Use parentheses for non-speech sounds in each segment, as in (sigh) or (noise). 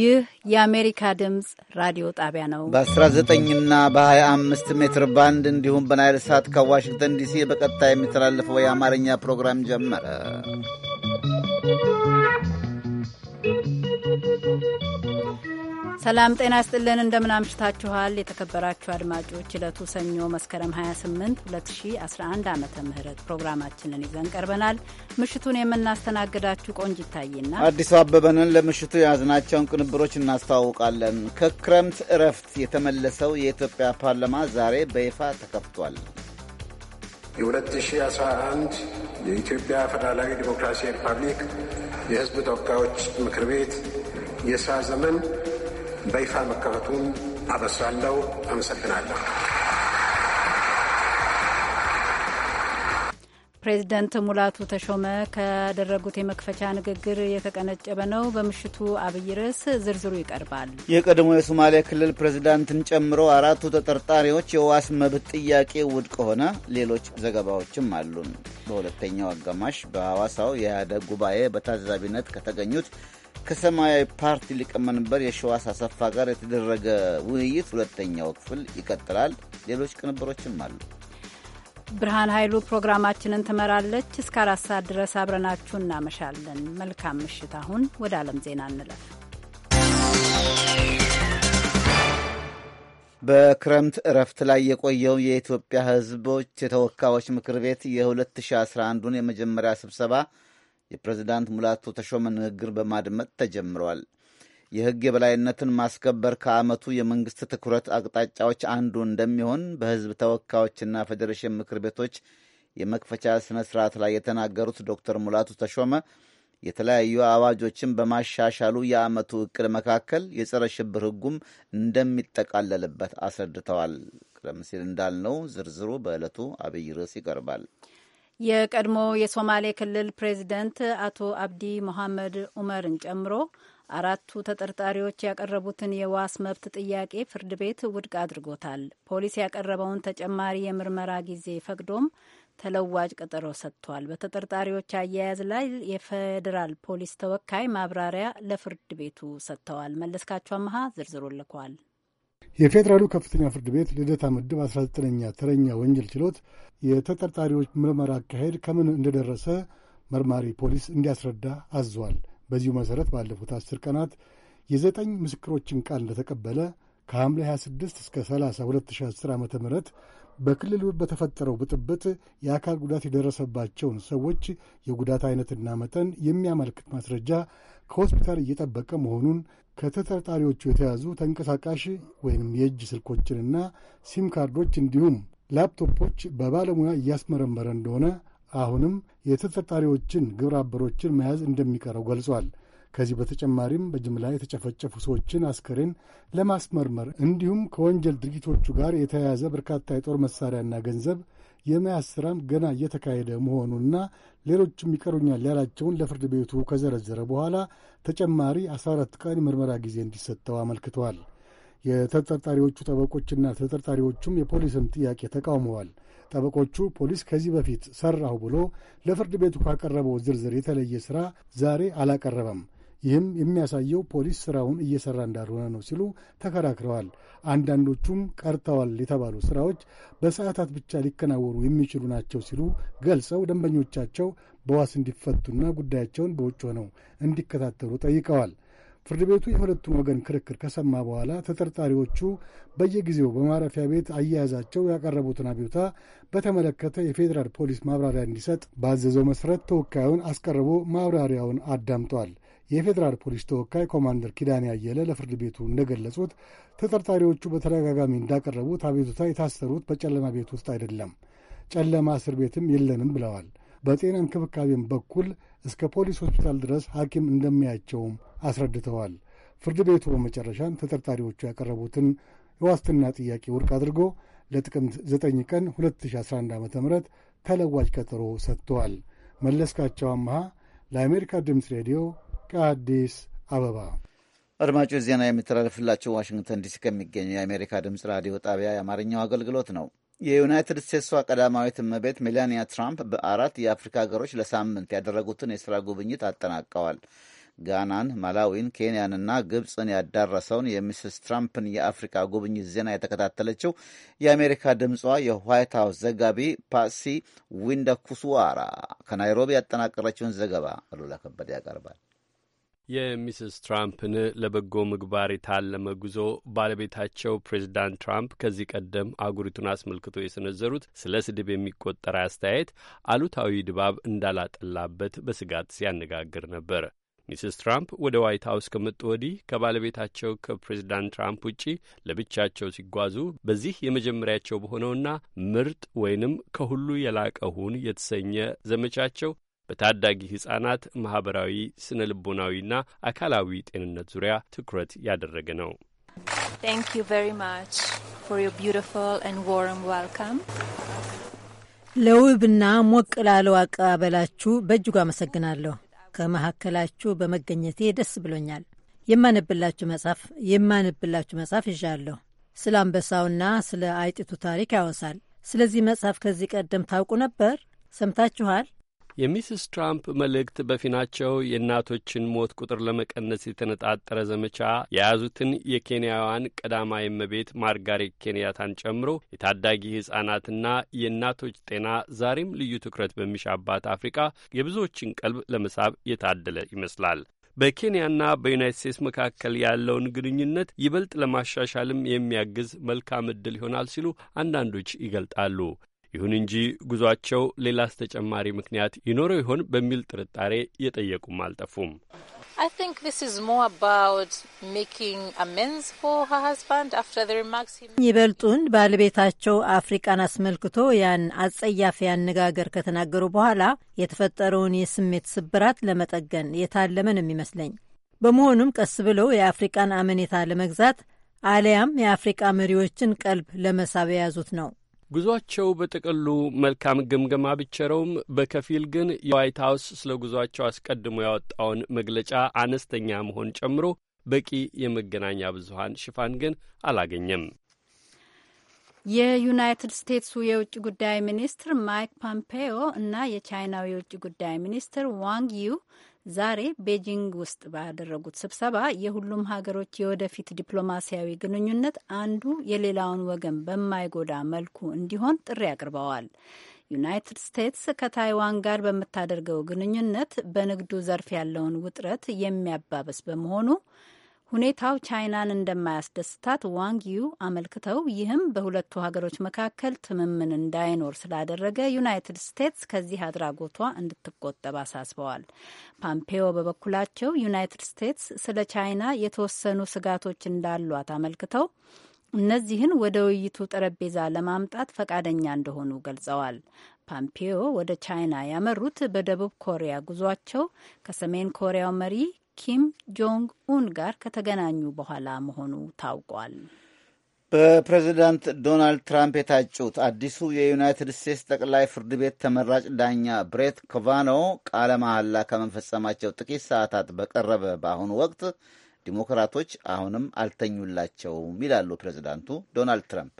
ይህ የአሜሪካ ድምፅ ራዲዮ ጣቢያ ነው። በ19 እና በ25 ሜትር ባንድ እንዲሁም በናይል ሳት ከዋሽንግተን ዲሲ በቀጥታ የሚተላለፈው የአማርኛ ፕሮግራም ጀመረ። ሰላም ጤና ስጥልን እንደምን አምሽታችኋል? የተከበራችሁ አድማጮች እለቱ ሰኞ መስከረም 28 2011 ዓ ም ፕሮግራማችንን ይዘን ቀርበናል። ምሽቱን የምናስተናግዳችሁ ቆንጅ ይታይና አዲሱ አበበንን ለምሽቱ የያዝናቸውን ቅንብሮች እናስተዋውቃለን። ከክረምት እረፍት የተመለሰው የኢትዮጵያ ፓርላማ ዛሬ በይፋ ተከፍቷል። የ2011 የኢትዮጵያ ፌዴራላዊ ዲሞክራሲያዊ ሪፐብሊክ የህዝብ ተወካዮች ምክር ቤት የሥራ ዘመን በይፋ መከፈቱን አበስራለሁ። አመሰግናለሁ። ፕሬዚደንት ሙላቱ ተሾመ ካደረጉት የመክፈቻ ንግግር የተቀነጨበ ነው። በምሽቱ አብይ ርዕስ ዝርዝሩ ይቀርባል። የቀድሞ የሶማሌ ክልል ፕሬዚዳንትን ጨምሮ አራቱ ተጠርጣሪዎች የዋስ መብት ጥያቄ ውድቅ ሆነ። ሌሎች ዘገባዎችም አሉን። በሁለተኛው አጋማሽ በሐዋሳው የኢህአዴግ ጉባኤ በታዛቢነት ከተገኙት ከሰማያዊ ፓርቲ ሊቀመንበር የሸዋስ አሰፋ ጋር የተደረገ ውይይት ሁለተኛው ክፍል ይቀጥላል። ሌሎች ቅንብሮችም አሉ። ብርሃን ኃይሉ ፕሮግራማችንን ትመራለች። እስከ አራት ሰዓት ድረስ አብረናችሁ እናመሻለን። መልካም ምሽት። አሁን ወደ ዓለም ዜና እንለፍ። በክረምት እረፍት ላይ የቆየው የኢትዮጵያ ሕዝቦች የተወካዮች ምክር ቤት የ2011ን የመጀመሪያ ስብሰባ የፕሬዝዳንት ሙላቱ ተሾመ ንግግር በማድመጥ ተጀምረዋል። የሕግ የበላይነትን ማስከበር ከዓመቱ የመንግሥት ትኩረት አቅጣጫዎች አንዱ እንደሚሆን በሕዝብ ተወካዮችና ፌዴሬሽን ምክር ቤቶች የመክፈቻ ሥነ ሥርዓት ላይ የተናገሩት ዶክተር ሙላቱ ተሾመ የተለያዩ አዋጆችን በማሻሻሉ የዓመቱ ዕቅድ መካከል የጸረ ሽብር ሕጉም እንደሚጠቃለልበት አስረድተዋል። ቀደም ሲል እንዳልነው ዝርዝሩ በዕለቱ አብይ ርዕስ ይቀርባል። የቀድሞ የሶማሌ ክልል ፕሬዚደንት አቶ አብዲ ሞሐመድ ኡመርን ጨምሮ አራቱ ተጠርጣሪዎች ያቀረቡትን የዋስ መብት ጥያቄ ፍርድ ቤት ውድቅ አድርጎታል። ፖሊስ ያቀረበውን ተጨማሪ የምርመራ ጊዜ ፈቅዶም ተለዋጭ ቀጠሮ ሰጥቷል። በተጠርጣሪዎች አያያዝ ላይ የፌዴራል ፖሊስ ተወካይ ማብራሪያ ለፍርድ ቤቱ ሰጥተዋል። መለስካቸው አመሃ ዝርዝሩ ልኳል። የፌዴራሉ ከፍተኛ ፍርድ ቤት ልደታ ምድብ 19ኛ ተረኛ ወንጀል ችሎት የተጠርጣሪዎች ምርመራ አካሄድ ከምን እንደደረሰ መርማሪ ፖሊስ እንዲያስረዳ አዟል። በዚሁ መሠረት ባለፉት አስር ቀናት የዘጠኝ ምስክሮችን ቃል እንደተቀበለ ከሐምሌ 26 እስከ 30 2010 ዓ ም በክልሉ በተፈጠረው ብጥብጥ የአካል ጉዳት የደረሰባቸውን ሰዎች የጉዳት አይነትና መጠን የሚያመለክት ማስረጃ ከሆስፒታል እየጠበቀ መሆኑን ከተጠርጣሪዎቹ የተያዙ ተንቀሳቃሽ ወይም የእጅ ስልኮችንና ሲም ካርዶች እንዲሁም ላፕቶፖች በባለሙያ እያስመረመረ እንደሆነ አሁንም የተጠርጣሪዎችን ግብረ አበሮችን መያዝ እንደሚቀረው ገልጿል። ከዚህ በተጨማሪም በጅምላ የተጨፈጨፉ ሰዎችን አስከሬን ለማስመርመር እንዲሁም ከወንጀል ድርጊቶቹ ጋር የተያያዘ በርካታ የጦር መሳሪያና ገንዘብ የመያዝ ስራም ገና እየተካሄደ መሆኑንና ሌሎችም ይቀሩኛል ያላቸውን ለፍርድ ቤቱ ከዘረዘረ በኋላ ተጨማሪ 14 ቀን ምርመራ ጊዜ እንዲሰጠው አመልክተዋል። የተጠርጣሪዎቹ ጠበቆችና ተጠርጣሪዎቹም የፖሊስን ጥያቄ ተቃውመዋል። ጠበቆቹ ፖሊስ ከዚህ በፊት ሠራሁ ብሎ ለፍርድ ቤቱ ካቀረበው ዝርዝር የተለየ ሥራ ዛሬ አላቀረበም፣ ይህም የሚያሳየው ፖሊስ ስራውን እየሰራ እንዳልሆነ ነው ሲሉ ተከራክረዋል። አንዳንዶቹም ቀርተዋል የተባሉ ስራዎች በሰዓታት ብቻ ሊከናወኑ የሚችሉ ናቸው ሲሉ ገልጸው ደንበኞቻቸው በዋስ እንዲፈቱና ጉዳያቸውን በውጭ ሆነው እንዲከታተሉ ጠይቀዋል። ፍርድ ቤቱ የሁለቱን ወገን ክርክር ከሰማ በኋላ ተጠርጣሪዎቹ በየጊዜው በማረፊያ ቤት አያያዛቸው ያቀረቡትን አቤቱታ በተመለከተ የፌዴራል ፖሊስ ማብራሪያ እንዲሰጥ ባዘዘው መሠረት ተወካዩን አስቀርቦ ማብራሪያውን አዳምጧል። የፌዴራል ፖሊስ ተወካይ ኮማንደር ኪዳኔ አየለ ለፍርድ ቤቱ እንደገለጹት ተጠርጣሪዎቹ በተደጋጋሚ እንዳቀረቡት አቤቱታ የታሰሩት በጨለማ ቤት ውስጥ አይደለም፣ ጨለማ እስር ቤትም የለንም ብለዋል። በጤና እንክብካቤም በኩል እስከ ፖሊስ ሆስፒታል ድረስ ሐኪም እንደሚያቸውም አስረድተዋል። ፍርድ ቤቱ በመጨረሻም ተጠርጣሪዎቹ ያቀረቡትን የዋስትና ጥያቄ ውድቅ አድርጎ ለጥቅምት 9 ቀን 2011 ዓ ም ተለዋጭ ቀጠሮ ሰጥተዋል። መለስካቸው አምሃ ለአሜሪካ ድምፅ ሬዲዮ ከአዲስ አበባ አድማጮች፣ ዜና የሚተላለፍላቸው ዋሽንግተን ዲሲ ከሚገኘው የአሜሪካ ድምፅ ራዲዮ ጣቢያ የአማርኛው አገልግሎት ነው። የዩናይትድ ስቴትሷ ቀዳማዊት እመቤት ሜላኒያ ትራምፕ በአራት የአፍሪካ ሀገሮች ለሳምንት ያደረጉትን የሥራ ጉብኝት አጠናቀዋል። ጋናን፣ ማላዊን፣ ኬንያንና ግብፅን ያዳረሰውን የሚስስ ትራምፕን የአፍሪካ ጉብኝት ዜና የተከታተለችው የአሜሪካ ድምጿ የዋይት ሀውስ ዘጋቢ ፓሲ ዊንደኩስዋራ ከናይሮቢ ያጠናቀረችውን ዘገባ አሉላ ከበደ ያቀርባል። የሚስስ ትራምፕን ለበጎ ምግባር የታለመ ጉዞ ባለቤታቸው ፕሬዚዳንት ትራምፕ ከዚህ ቀደም አጉሪቱን አስመልክቶ የሰነዘሩት ስለ ስድብ የሚቆጠር አስተያየት አሉታዊ ድባብ እንዳላጠላበት በስጋት ሲያነጋግር ነበር። ሚስስ ትራምፕ ወደ ዋይት ሀውስ ከመጡ ወዲህ ከባለቤታቸው ከፕሬዚዳንት ትራምፕ ውጪ ለብቻቸው ሲጓዙ በዚህ የመጀመሪያቸው በሆነውና ምርጥ ወይንም ከሁሉ የላቀ ሁን የተሰኘ ዘመቻቸው በታዳጊ ሕፃናት ማኅበራዊ፣ ስነ ልቦናዊና አካላዊ ጤንነት ዙሪያ ትኩረት ያደረገ ነው። ለውብና ሞቅ ላለው አቀባበላችሁ በእጅጉ አመሰግናለሁ። ከመካከላችሁ በመገኘቴ ደስ ብሎኛል። የማነብላችሁ መጽሐፍ የማነብላችሁ መጽሐፍ ይዣለሁ። ስለ አንበሳውና ስለ አይጢቱ ታሪክ ያወሳል። ስለዚህ መጽሐፍ ከዚህ ቀደም ታውቁ ነበር? ሰምታችኋል? የሚስስ ትራምፕ መልእክት በፊናቸው የእናቶችን ሞት ቁጥር ለመቀነስ የተነጣጠረ ዘመቻ የያዙትን የኬንያውያን ቀዳማዊት እመቤት ማርጋሬት ኬንያታን ጨምሮ የታዳጊ ሕጻናትና የእናቶች ጤና ዛሬም ልዩ ትኩረት በሚሻባት አፍሪቃ የብዙዎችን ቀልብ ለመሳብ የታደለ ይመስላል። በኬንያና በዩናይት ስቴትስ መካከል ያለውን ግንኙነት ይበልጥ ለማሻሻልም የሚያግዝ መልካም ዕድል ይሆናል ሲሉ አንዳንዶች ይገልጣሉ። ይሁን እንጂ ጉዟቸው ሌላስ ተጨማሪ ምክንያት ይኖረው ይሆን በሚል ጥርጣሬ የጠየቁም አልጠፉም። ይበልጡን ባለቤታቸው አፍሪቃን አስመልክቶ ያን አጸያፊ አነጋገር ከተናገሩ በኋላ የተፈጠረውን የስሜት ስብራት ለመጠገን የታለመን የሚመስለኝ። በመሆኑም ቀስ ብለው የአፍሪቃን አመኔታ ለመግዛት አሊያም የአፍሪቃ መሪዎችን ቀልብ ለመሳብ የያዙት ነው። ጉዟቸው በጥቅሉ መልካም ግምገማ ቢቸረውም በከፊል ግን የዋይት ሀውስ ስለ ጉዟቸው አስቀድሞ ያወጣውን መግለጫ አነስተኛ መሆን ጨምሮ በቂ የመገናኛ ብዙሀን ሽፋን ግን አላገኘም። የዩናይትድ ስቴትሱ የውጭ ጉዳይ ሚኒስትር ማይክ ፖምፔዮ እና የቻይናው የውጭ ጉዳይ ሚኒስትር ዋንግ ዩ ዛሬ ቤጂንግ ውስጥ ባደረጉት ስብሰባ የሁሉም ሀገሮች የወደፊት ዲፕሎማሲያዊ ግንኙነት አንዱ የሌላውን ወገን በማይጎዳ መልኩ እንዲሆን ጥሪ አቅርበዋል። ዩናይትድ ስቴትስ ከታይዋን ጋር በምታደርገው ግንኙነት በንግዱ ዘርፍ ያለውን ውጥረት የሚያባብስ በመሆኑ ሁኔታው ቻይናን እንደማያስደስታት ዋንግ ዩ አመልክተው ይህም በሁለቱ ሀገሮች መካከል ትምምን እንዳይኖር ስላደረገ ዩናይትድ ስቴትስ ከዚህ አድራጎቷ እንድትቆጠብ አሳስበዋል። ፓምፔዮ በበኩላቸው ዩናይትድ ስቴትስ ስለ ቻይና የተወሰኑ ስጋቶች እንዳሏት አመልክተው እነዚህን ወደ ውይይቱ ጠረጴዛ ለማምጣት ፈቃደኛ እንደሆኑ ገልጸዋል። ፓምፔዮ ወደ ቻይና ያመሩት በደቡብ ኮሪያ ጉዟቸው ከሰሜን ኮሪያው መሪ ኪም ጆንግ ኡን ጋር ከተገናኙ በኋላ መሆኑ ታውቋል። በፕሬዚዳንት ዶናልድ ትራምፕ የታጩት አዲሱ የዩናይትድ ስቴትስ ጠቅላይ ፍርድ ቤት ተመራጭ ዳኛ ብሬት ኮቫኖ ቃለ መሐላ ከመፈጸማቸው ጥቂት ሰዓታት በቀረበ በአሁኑ ወቅት ዲሞክራቶች አሁንም አልተኙላቸውም ይላሉ ፕሬዚዳንቱ ዶናልድ ትራምፕ።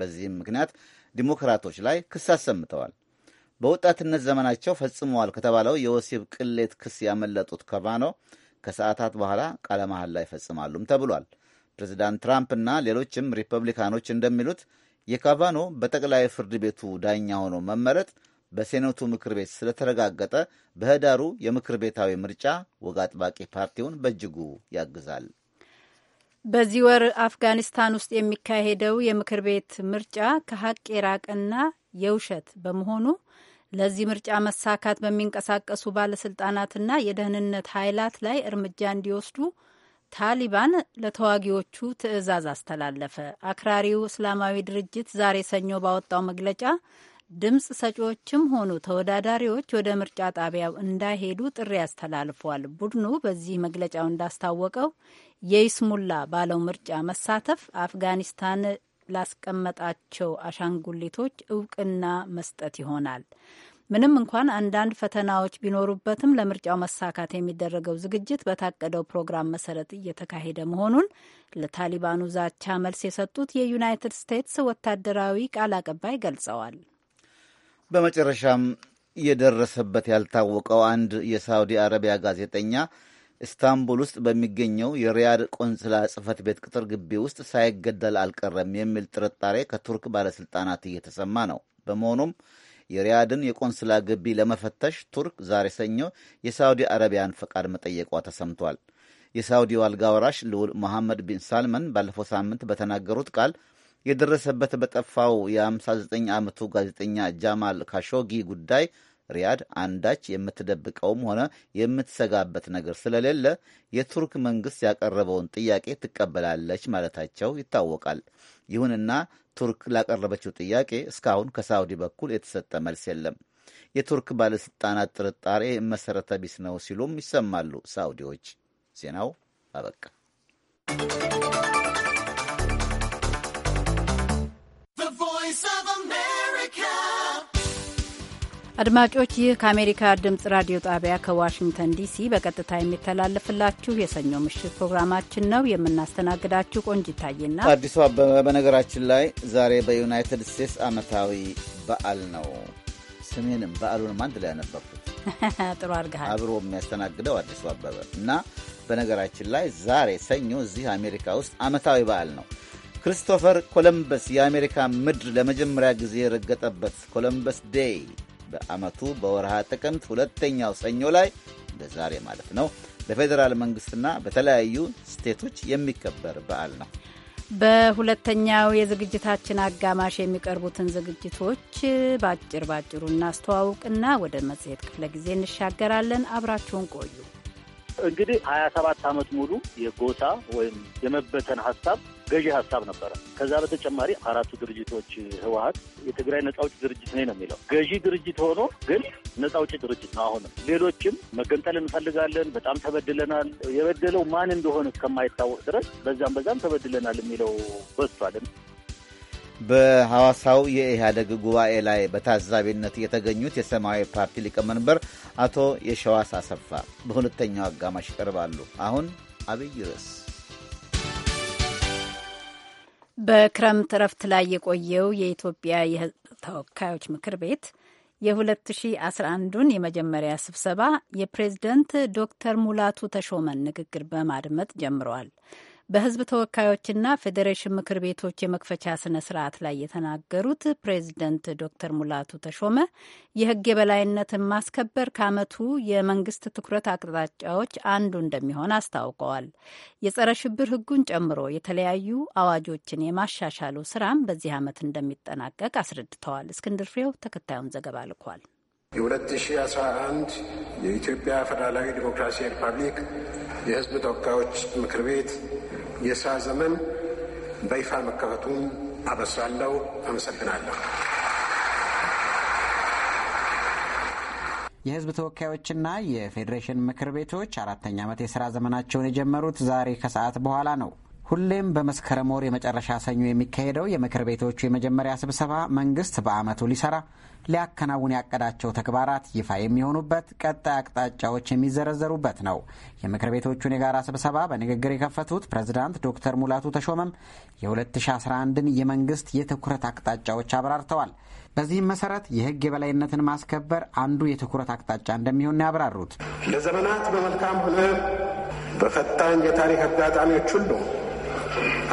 በዚህም ምክንያት ዲሞክራቶች ላይ ክስ አሰምተዋል። በወጣትነት ዘመናቸው ፈጽመዋል ከተባለው የወሲብ ቅሌት ክስ ያመለጡት ኮቫኖ ከሰዓታት በኋላ ቃለ መሐላ ይፈጽማሉም ተብሏል። ፕሬዚዳንት ትራምፕና ሌሎችም ሪፐብሊካኖች እንደሚሉት የካቫኖ በጠቅላይ ፍርድ ቤቱ ዳኛ ሆኖ መመረጥ በሴኔቱ ምክር ቤት ስለተረጋገጠ በህዳሩ የምክር ቤታዊ ምርጫ ወግ አጥባቂ ፓርቲውን በእጅጉ ያግዛል። በዚህ ወር አፍጋኒስታን ውስጥ የሚካሄደው የምክር ቤት ምርጫ ከሀቅ የራቀና የውሸት በመሆኑ ለዚህ ምርጫ መሳካት በሚንቀሳቀሱ ባለስልጣናትና የደህንነት ኃይላት ላይ እርምጃ እንዲወስዱ ታሊባን ለተዋጊዎቹ ትዕዛዝ አስተላለፈ። አክራሪው እስላማዊ ድርጅት ዛሬ ሰኞ ባወጣው መግለጫ ድምፅ ሰጪዎችም ሆኑ ተወዳዳሪዎች ወደ ምርጫ ጣቢያው እንዳይሄዱ ጥሪ አስተላልፏል። ቡድኑ በዚህ መግለጫው እንዳስታወቀው የይስሙላ ባለው ምርጫ መሳተፍ አፍጋኒስታን ላስቀመጣቸው አሻንጉሊቶች እውቅና መስጠት ይሆናል። ምንም እንኳን አንዳንድ ፈተናዎች ቢኖሩበትም ለምርጫው መሳካት የሚደረገው ዝግጅት በታቀደው ፕሮግራም መሰረት እየተካሄደ መሆኑን ለታሊባኑ ዛቻ መልስ የሰጡት የዩናይትድ ስቴትስ ወታደራዊ ቃል አቀባይ ገልጸዋል። በመጨረሻም የደረሰበት ያልታወቀው አንድ የሳውዲ አረቢያ ጋዜጠኛ ኢስታንቡል ውስጥ በሚገኘው የሪያድ ቆንስላ ጽህፈት ቤት ቅጥር ግቢ ውስጥ ሳይገደል አልቀረም የሚል ጥርጣሬ ከቱርክ ባለሥልጣናት እየተሰማ ነው። በመሆኑም የሪያድን የቆንስላ ግቢ ለመፈተሽ ቱርክ ዛሬ ሰኞ የሳውዲ አረቢያን ፈቃድ መጠየቋ ተሰምቷል። የሳውዲው አልጋ ወራሽ ልዑል መሐመድ ቢን ሳልመን ባለፈው ሳምንት በተናገሩት ቃል የደረሰበት በጠፋው የ59 ዓመቱ ጋዜጠኛ ጃማል ካሾጊ ጉዳይ ሪያድ አንዳች የምትደብቀውም ሆነ የምትሰጋበት ነገር ስለሌለ የቱርክ መንግስት ያቀረበውን ጥያቄ ትቀበላለች ማለታቸው ይታወቃል። ይሁንና ቱርክ ላቀረበችው ጥያቄ እስካሁን ከሳውዲ በኩል የተሰጠ መልስ የለም። የቱርክ ባለስልጣናት ጥርጣሬ መሰረተ ቢስ ነው ሲሉም ይሰማሉ ሳውዲዎች። ዜናው አበቃ። አድማጮች ይህ ከአሜሪካ ድምፅ ራዲዮ ጣቢያ ከዋሽንግተን ዲሲ በቀጥታ የሚተላለፍላችሁ የሰኞ ምሽት ፕሮግራማችን ነው። የምናስተናግዳችሁ ቆንጅ ይታይና አዲሱ አበበ። በነገራችን ላይ ዛሬ በዩናይትድ ስቴትስ ዓመታዊ በዓል ነው። ስሜንም በዓሉንም አንድ ላይ ያነበርኩት (laughs) ጥሩ አድርገሃል። አብሮ የሚያስተናግደው አዲሱ አበበ እና በነገራችን ላይ ዛሬ ሰኞ እዚህ አሜሪካ ውስጥ ዓመታዊ በዓል ነው። ክሪስቶፈር ኮለምበስ የአሜሪካ ምድር ለመጀመሪያ ጊዜ የረገጠበት ኮለምበስ ዴይ በአመቱ በወርሃ ጥቅምት ሁለተኛው ሰኞ ላይ በዛሬ ማለት ነው በፌዴራል መንግስትና በተለያዩ ስቴቶች የሚከበር በዓል ነው። በሁለተኛው የዝግጅታችን አጋማሽ የሚቀርቡትን ዝግጅቶች በአጭር ባጭሩ እናስተዋውቅና ወደ መጽሔት ክፍለ ጊዜ እንሻገራለን። አብራችሁን ቆዩ። እንግዲህ ሀያ ሰባት ዓመት ሙሉ የጎሳ ወይም የመበተን ሀሳብ ገዢ ሀሳብ ነበረ። ከዛ በተጨማሪ አራቱ ድርጅቶች ህወሀት የትግራይ ነጻ አውጪ ድርጅት ነኝ ነው የሚለው። ገዢ ድርጅት ሆኖ ግን ነጻ አውጪ ድርጅት ነው። አሁንም ሌሎችም መገንጠል እንፈልጋለን፣ በጣም ተበድለናል፣ የበደለው ማን እንደሆነ እስከማይታወቅ ድረስ በዛም በዛም ተበድለናል የሚለው በዝቷል። በሐዋሳው የኢህአደግ ጉባኤ ላይ በታዛቢነት የተገኙት የሰማያዊ ፓርቲ ሊቀመንበር አቶ የሸዋስ አሰፋ በሁለተኛው አጋማሽ ይቀርባሉ። አሁን አብይ ርዕስ በክረምት እረፍት ላይ የቆየው የኢትዮጵያ የህዝብ ተወካዮች ምክር ቤት የ2011ን የመጀመሪያ ስብሰባ የፕሬዝደንት ዶክተር ሙላቱ ተሾመን ንግግር በማድመጥ ጀምረዋል። በህዝብ ተወካዮችና ፌዴሬሽን ምክር ቤቶች የመክፈቻ ስነ ስርዓት ላይ የተናገሩት ፕሬዚደንት ዶክተር ሙላቱ ተሾመ የህግ የበላይነትን ማስከበር ከአመቱ የመንግስት ትኩረት አቅጣጫዎች አንዱ እንደሚሆን አስታውቀዋል። የጸረ ሽብር ህጉን ጨምሮ የተለያዩ አዋጆችን የማሻሻሉ ስራም በዚህ አመት እንደሚጠናቀቅ አስረድተዋል። እስክንድር ፍሬው ተከታዩን ዘገባ ልኳል። የ2011 የኢትዮጵያ ፌዴራላዊ ዲሞክራሲያዊ ሪፐብሊክ የህዝብ ተወካዮች ምክር ቤት የስራ ዘመን በይፋ መከፈቱን አበስራለሁ። አመሰግናለሁ። የህዝብ ተወካዮችና የፌዴሬሽን ምክር ቤቶች አራተኛ ዓመት የሥራ ዘመናቸውን የጀመሩት ዛሬ ከሰዓት በኋላ ነው። ሁሌም በመስከረም ወር የመጨረሻ ሰኞ የሚካሄደው የምክር ቤቶቹ የመጀመሪያ ስብሰባ መንግስት በዓመቱ ሊሰራ ሊያከናውን ያቀዳቸው ተግባራት ይፋ የሚሆኑበት፣ ቀጣይ አቅጣጫዎች የሚዘረዘሩበት ነው። የምክር ቤቶቹን የጋራ ስብሰባ በንግግር የከፈቱት ፕሬዝዳንት ዶክተር ሙላቱ ተሾመም የ2011ን የመንግስት የትኩረት አቅጣጫዎች አብራርተዋል። በዚህም መሰረት የህግ የበላይነትን ማስከበር አንዱ የትኩረት አቅጣጫ እንደሚሆን ያብራሩት ለዘመናት በመልካም ሆነ በፈታኝ የታሪክ አጋጣሚዎች ሁሉ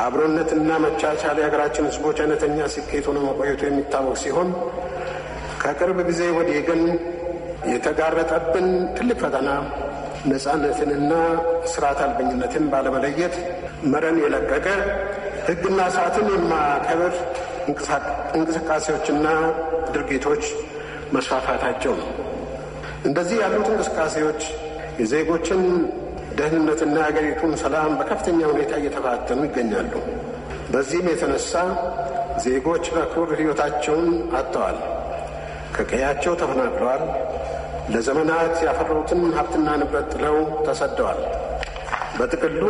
አብሮነትና መቻቻል የሀገራችን ህዝቦች አይነተኛ ስኬት ሆኖ መቆየቱ የሚታወቅ ሲሆን ከቅርብ ጊዜ ወዲህ ግን የተጋረጠብን ትልቅ ፈተና ነፃነትንና ስርዓት አልበኝነትን ባለመለየት መረን የለቀቀ ህግና ሰዓትን የማከብር እንቅስቃሴዎችና ድርጊቶች መስፋፋታቸው ነው። እንደዚህ ያሉት እንቅስቃሴዎች የዜጎችን ደህንነትና የሀገሪቱን ሰላም በከፍተኛ ሁኔታ እየተፋተኑ ይገኛሉ። በዚህም የተነሳ ዜጎች በክብር ሕይወታቸውን አጥተዋል፣ ከቀያቸው ተፈናቅለዋል፣ ለዘመናት ያፈሩትን ሀብትና ንብረት ጥለው ተሰደዋል። በጥቅሉ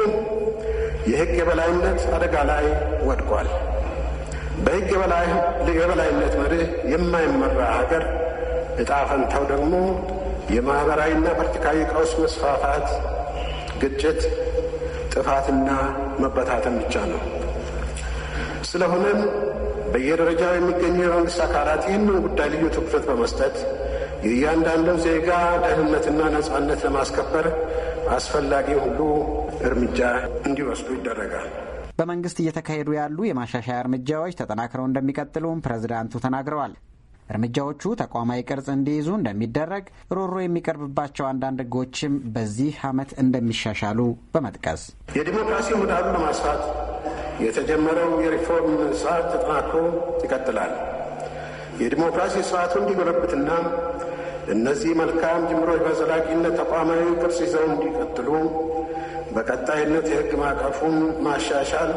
የሕግ የበላይነት አደጋ ላይ ወድቋል። በሕግ የበላይነት መርህ የማይመራ ሀገር እጣፈንተው ፈንታው ደግሞ የማኅበራዊና ፖለቲካዊ ቀውስ መስፋፋት ግጭት፣ ጥፋትና መበታተን ብቻ ነው። ስለሆነም በየደረጃው የሚገኙ የመንግስት አካላት ይህንን ጉዳይ ልዩ ትኩረት በመስጠት የእያንዳንዱን ዜጋ ደህንነትና ነጻነት ለማስከበር አስፈላጊ ሁሉ እርምጃ እንዲወስዱ ይደረጋል። በመንግስት እየተካሄዱ ያሉ የማሻሻያ እርምጃዎች ተጠናክረው እንደሚቀጥሉም ፕሬዝዳንቱ ተናግረዋል። እርምጃዎቹ ተቋማዊ ቅርጽ እንዲይዙ እንደሚደረግ ሮሮ የሚቀርብባቸው አንዳንድ ሕጎችም በዚህ ዓመት እንደሚሻሻሉ በመጥቀስ የዲሞክራሲ ምህዳሩን ለማስፋት የተጀመረው የሪፎርም ስርዓት ተጠናክሮ ይቀጥላል። የዲሞክራሲ ስርዓቱ እንዲጎለብትና እነዚህ መልካም ጅምሮች በዘላቂነት ተቋማዊ ቅርጽ ይዘው እንዲቀጥሉ በቀጣይነት የህግ ማዕቀፉን ማሻሻል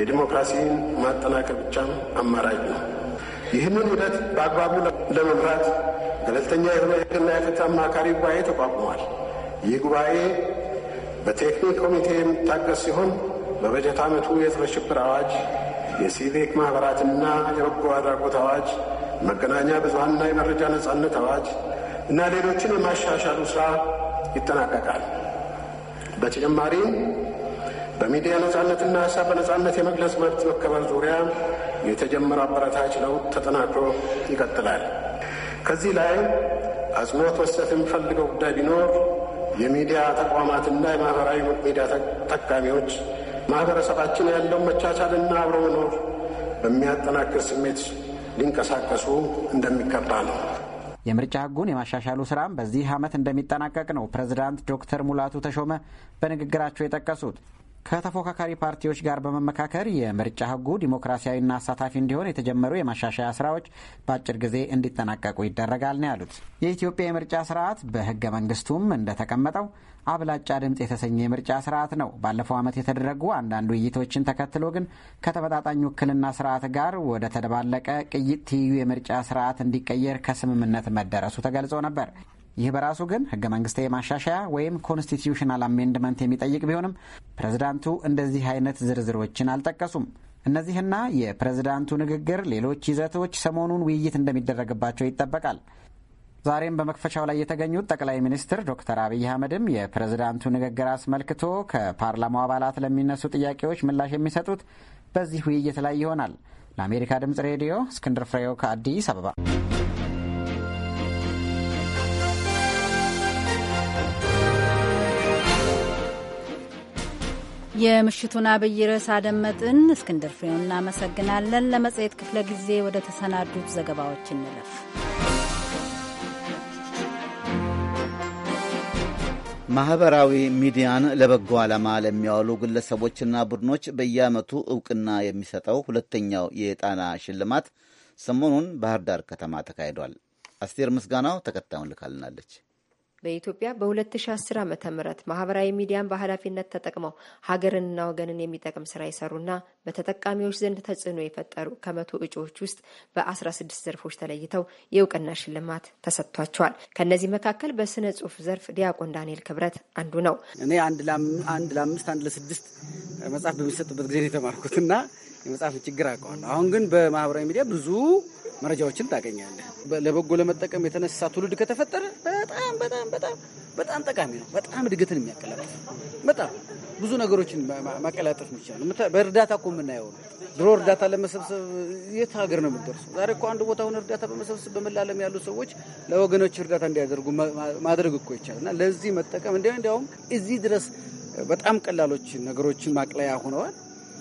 የዲሞክራሲን ማጠናከር ብቻም አማራጭ ነው። ይህንን ሂደት በአግባቡ ለመምራት ገለልተኛ የሆነ የህግና የፍትህ አማካሪ ጉባኤ ተቋቁሟል። ይህ ጉባኤ በቴክኒክ ኮሚቴ የሚታገዝ ሲሆን በበጀት ዓመቱ የፀረ ሽብር አዋጅ፣ የሲቪክ ማኅበራትና የበጎ አድራጎት አዋጅ፣ መገናኛ ብዙሀንና የመረጃ ነጻነት አዋጅ እና ሌሎችን የማሻሻሉ ሥራ ይጠናቀቃል። በተጨማሪም በሚዲያ ነጻነትና ሀሳብ በነጻነት የመግለጽ መብት መከበር ዙሪያ የተጀመረ አበረታች ለውጥ ተጠናክሮ ይቀጥላል። ከዚህ ላይ አጽንኦት መስጠት የሚፈልገው ጉዳይ ቢኖር የሚዲያ ተቋማትና የማህበራዊ ሚዲያ ተጠቃሚዎች ማህበረሰባችን ያለው መቻቻልና አብሮ መኖር በሚያጠናክር ስሜት ሊንቀሳቀሱ እንደሚገባ ነው። የምርጫ ህጉን የማሻሻሉ ስራም በዚህ ዓመት እንደሚጠናቀቅ ነው ፕሬዝዳንት ዶክተር ሙላቱ ተሾመ በንግግራቸው የጠቀሱት። ከተፎካካሪ ፓርቲዎች ጋር በመመካከር የምርጫ ህጉ ዲሞክራሲያዊና አሳታፊ እንዲሆን የተጀመሩ የማሻሻያ ስራዎች በአጭር ጊዜ እንዲጠናቀቁ ይደረጋል ነው ያሉት። የኢትዮጵያ የምርጫ ስርዓት በህገ መንግስቱም እንደተቀመጠው አብላጫ ድምፅ የተሰኘ የምርጫ ስርዓት ነው። ባለፈው ዓመት የተደረጉ አንዳንድ ውይይቶችን ተከትሎ ግን ከተመጣጣኝ ውክልና ስርዓት ጋር ወደ ተደባለቀ ቅይጥ ትይዩ የምርጫ ስርዓት እንዲቀየር ከስምምነት መደረሱ ተገልጾ ነበር። ይህ በራሱ ግን ህገ መንግስታዊ ማሻሻያ ወይም ኮንስቲትዩሽናል አሜንድመንት የሚጠይቅ ቢሆንም ፕሬዝዳንቱ እንደዚህ አይነት ዝርዝሮችን አልጠቀሱም። እነዚህና የፕሬዝዳንቱ ንግግር ሌሎች ይዘቶች ሰሞኑን ውይይት እንደሚደረግባቸው ይጠበቃል። ዛሬም በመክፈቻው ላይ የተገኙት ጠቅላይ ሚኒስትር ዶክተር አብይ አህመድም የፕሬዝዳንቱ ንግግር አስመልክቶ ከፓርላማው አባላት ለሚነሱ ጥያቄዎች ምላሽ የሚሰጡት በዚህ ውይይት ላይ ይሆናል። ለአሜሪካ ድምጽ ሬዲዮ እስክንድር ፍሬው ከአዲስ አበባ የምሽቱን አብይ ርዕስ አደመጥን። እስክንድር ፍሬው እናመሰግናለን። ለመጽሔት ክፍለ ጊዜ ወደ ተሰናዱት ዘገባዎች እንለፍ። ማኅበራዊ ሚዲያን ለበጎ ዓላማ ለሚያዋሉ ግለሰቦችና ቡድኖች በየዓመቱ ዕውቅና የሚሰጠው ሁለተኛው የጣና ሽልማት ሰሞኑን ባህር ዳር ከተማ ተካሂዷል። አስቴር ምስጋናው ተከታዩን ልካልናለች። በኢትዮጵያ በ2010 ዓ ም ማህበራዊ ሚዲያን በኃላፊነት ተጠቅመው ሀገርንና ወገንን የሚጠቅም ስራ የሰሩና በተጠቃሚዎች ዘንድ ተጽዕኖ የፈጠሩ ከመቶ እጩዎች ውስጥ በ16 ዘርፎች ተለይተው የእውቅና ሽልማት ተሰጥቷቸዋል። ከእነዚህ መካከል በስነ ጽሁፍ ዘርፍ ዲያቆን ዳንኤል ክብረት አንዱ ነው። እኔ አንድ ለአምስት አንድ ለስድስት መጽሐፍ በሚሰጥበት ጊዜ የተማርኩት እና የመጽሐፍን ችግር አውቀዋለሁ። አሁን ግን በማህበራዊ ሚዲያ ብዙ መረጃዎችን ታገኛለህ። ለበጎ ለመጠቀም የተነሳ ትውልድ ከተፈጠረ በጣም በጣም በጣም በጣም ጠቃሚ ነው። በጣም እድገትን የሚያቀላጥፍ በጣም ብዙ ነገሮችን ማቀላጠፍ ይችላል። በእርዳታ እኮ የምናየው ነው። ድሮ እርዳታ ለመሰብሰብ የት ሀገር ነው የምትደርሰው? ዛሬ እኮ አንድ ቦታ ሆነ እርዳታ በመሰብሰብ በመላለም ያሉ ሰዎች ለወገኖች እርዳታ እንዲያደርጉ ማድረግ እኮ ይቻላል። እና ለዚህ መጠቀም እንዲያውም እዚህ ድረስ በጣም ቀላሎች ነገሮችን ማቅለያ ሆነዋል።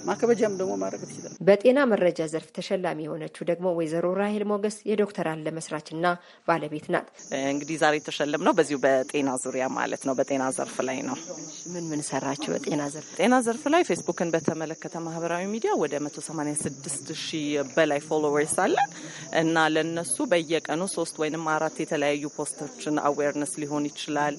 ማከበጃም ደግሞ ማድረግ ትችላል። በጤና መረጃ ዘርፍ ተሸላሚ የሆነችው ደግሞ ወይዘሮ ራሄል ሞገስ የዶክተር አለ መስራችና ባለቤት ናት። እንግዲህ ዛሬ የተሸለም ነው በዚሁ በጤና ዙሪያ ማለት ነው። በጤና ዘርፍ ላይ ነው። ምን ምን ሰራችሁ? በጤና ዘርፍ ጤና ዘርፍ ላይ ፌስቡክን በተመለከተ ማህበራዊ ሚዲያ ወደ 186 ሺህ በላይ ፎሎወርስ አለን እና ለነሱ በየቀኑ ሶስት ወይም አራት የተለያዩ ፖስቶችን አዌርነስ ሊሆን ይችላል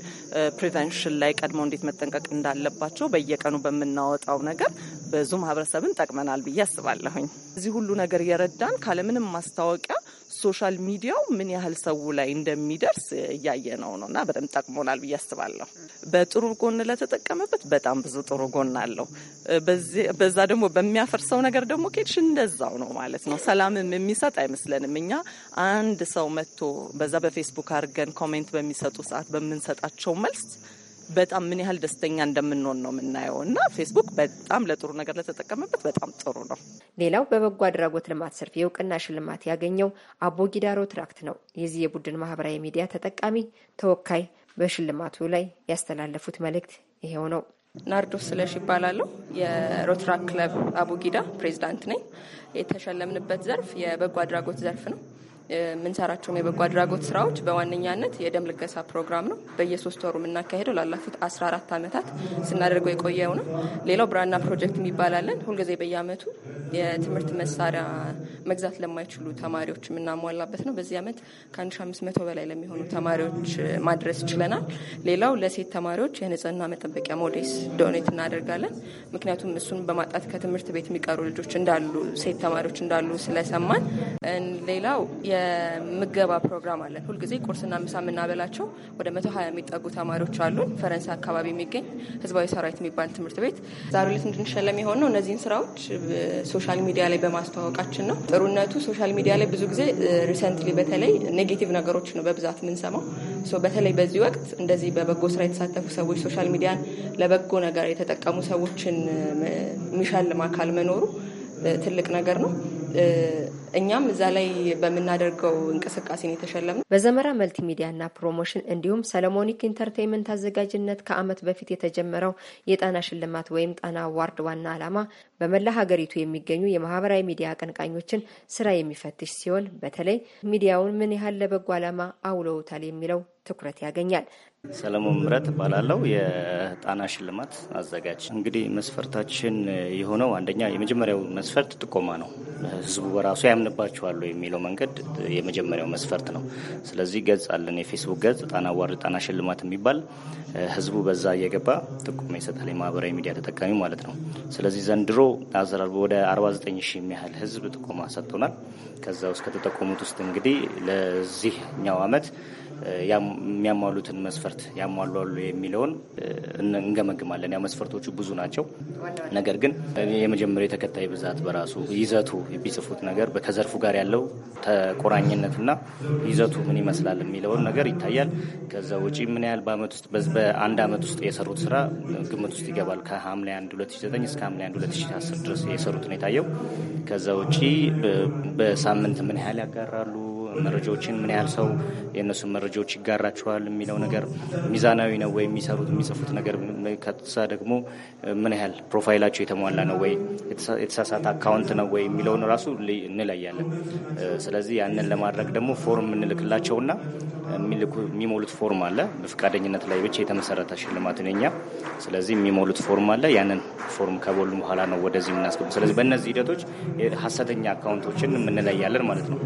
ፕሪቨንሽን ላይ ቀድሞ እንዴት መጠንቀቅ እንዳለባቸው በየቀኑ በምናወጣው ነገር ብዙ ማህበረሰብን ጠቅመናል ብዬ አስባለሁኝ። እዚህ ሁሉ ነገር የረዳን ካለምንም ማስታወቂያ ሶሻል ሚዲያው ምን ያህል ሰው ላይ እንደሚደርስ እያየ ነው ነው እና በደንብ ጠቅሞናል ብዬ አስባለሁ። በጥሩ ጎን ለተጠቀመበት በጣም ብዙ ጥሩ ጎን አለው። በዛ ደግሞ በሚያፈርሰው ነገር ደግሞ ኬድሽ እንደዛው ነው ማለት ነው። ሰላምም የሚሰጥ አይመስለንም እኛ አንድ ሰው መጥቶ በዛ በፌስቡክ አድርገን ኮሜንት በሚሰጡ ሰዓት በምንሰጣቸው መልስ በጣም ምን ያህል ደስተኛ እንደምንሆን ነው የምናየው እና ፌስቡክ በጣም ለጥሩ ነገር ለተጠቀመበት በጣም ጥሩ ነው። ሌላው በበጎ አድራጎት ልማት ሰርፍ የእውቅና ሽልማት ያገኘው አቦጊዳሮ ትራክት ነው። የዚህ የቡድን ማህበራዊ ሚዲያ ተጠቃሚ ተወካይ በሽልማቱ ላይ ያስተላለፉት መልእክት ይሄው ነው። ናርዶ ስለሽ ይባላለሁ። የሮትራክ ክለብ አቡጊዳ ፕሬዚዳንት ነኝ። የተሸለምንበት ዘርፍ የበጎ አድራጎት ዘርፍ ነው። የምንሰራቸውም የበጎ አድራጎት ስራዎች በዋነኛነት የደም ልገሳ ፕሮግራም ነው። በየሶስት ወሩ የምናካሄደው ላለፉት አራት ዓመታት ስናደርገው የቆየው ነው። ሌላው ብራና ፕሮጀክት የሚባላለን ሁልጊዜ በየአመቱ የትምህርት መሳሪያ መግዛት ለማይችሉ ተማሪዎች የምናሟላበት ነው። በዚህ አመት ከ መቶ በላይ ለሚሆኑ ተማሪዎች ማድረስ ይችለናል። ሌላው ለሴት ተማሪዎች የንጽህና መጠበቂያ ሞዴስ ዶኔት እናደርጋለን። ምክንያቱም እሱን በማጣት ከትምህርት ቤት የሚቀሩ ልጆች እንዳሉ ሴት ተማሪዎች እንዳሉ ስለሰማን ሌላው የምገባ ፕሮግራም አለን። ሁልጊዜ ቁርስና ምሳ የምናበላቸው ወደ መቶ ሀያ የሚጠጉ ተማሪዎች አሉ። ፈረንሳይ አካባቢ የሚገኝ ህዝባዊ ሰራዊት የሚባል ትምህርት ቤት ዛሬ ሌት እንድንሸለም የሆን ነው። እነዚህን ስራዎች ሶሻል ሚዲያ ላይ በማስተዋወቃችን ነው። ጥሩነቱ ሶሻል ሚዲያ ላይ ብዙ ጊዜ ሪሰንትሊ በተለይ ኔጌቲቭ ነገሮች ነው በብዛት የምንሰማው። በተለይ በዚህ ወቅት እንደዚህ በበጎ ስራ የተሳተፉ ሰዎች ሶሻል ሚዲያን ለበጎ ነገር የተጠቀሙ ሰዎችን የሚሸልም አካል መኖሩ ትልቅ ነገር ነው። እኛም እዛ ላይ በምናደርገው እንቅስቃሴን የተሸለም በዘመራ መልቲ ሚዲያና ፕሮሞሽን እንዲሁም ሰለሞኒክ ኢንተርቴንመንት አዘጋጅነት ከዓመት በፊት የተጀመረው የጣና ሽልማት ወይም ጣና አዋርድ ዋና ዓላማ በመላ ሀገሪቱ የሚገኙ የማህበራዊ ሚዲያ አቀንቃኞችን ስራ የሚፈትሽ ሲሆን በተለይ ሚዲያውን ምን ያህል ለበጎ ዓላማ አውለውታል የሚለው ትኩረት ያገኛል። ሰለሞን ምረት እባላለሁ። የጣና ሽልማት አዘጋጅ። እንግዲህ መስፈርታችን የሆነው አንደኛ የመጀመሪያው መስፈርት ጥቆማ ነው። ህዝቡ በራሱ ያምንባቸዋሉ የሚለው መንገድ የመጀመሪያው መስፈርት ነው። ስለዚህ ገጽ አለን፣ የፌስቡክ ገጽ ጣና አዋርድ፣ ጣና ሽልማት የሚባል ህዝቡ በዛ እየገባ ጥቆማ ይሰጣል፣ የማህበራዊ ሚዲያ ተጠቃሚ ማለት ነው። ስለዚህ ዘንድሮ አዘራርቦ ወደ 49 ሺህ የሚያህል ህዝብ ጥቆማ ሰጥቶናል። ከዛ ውስጥ ከተጠቆሙት ውስጥ እንግዲህ ለዚህኛው አመት የሚያሟሉትን መስፈርት ያሟሏሉ የሚለውን እንገመግማለን። ያ መስፈርቶቹ ብዙ ናቸው። ነገር ግን የመጀመሪያ የተከታይ ብዛት በራሱ ይዘቱ የሚጽፉት ነገር ከዘርፉ ጋር ያለው ተቆራኝነትና ይዘቱ ምን ይመስላል የሚለውን ነገር ይታያል። ከዛ ውጪ ምን ያህል በአመት ውስጥ በአንድ አመት ውስጥ የሰሩት ስራ ግምት ውስጥ ይገባል። ከሐምሌ 1 2009 እስከ ሐምሌ 1 2010 ድረስ የሰሩት ነው የታየው። ከዛ ውጪ በሳምንት ምን ያህል ያጋራሉ መረጃዎችን ምን ያህል ሰው የእነሱን መረጃዎች ይጋራቸዋል የሚለው ነገር ሚዛናዊ ነው ወይ፣ የሚሰሩት የሚጽፉት ነገር ከተሳ ደግሞ ምን ያህል ፕሮፋይላቸው የተሟላ ነው ወይ፣ የተሳሳተ አካውንት ነው ወይ የሚለውን ራሱ እንለያለን። ስለዚህ ያንን ለማድረግ ደግሞ ፎርም እንልክላቸውና የሚሞሉት ፎርም አለ። በፈቃደኝነት ላይ ብቻ የተመሰረተ ሽልማት ነኛ። ስለዚህ የሚሞሉት ፎርም አለ። ያንን ፎርም ከበሉ በኋላ ነው ወደዚህ የምናስገቡ። ስለዚህ በእነዚህ ሂደቶች ሀሰተኛ አካውንቶችን የምንለያለን ማለት ነው።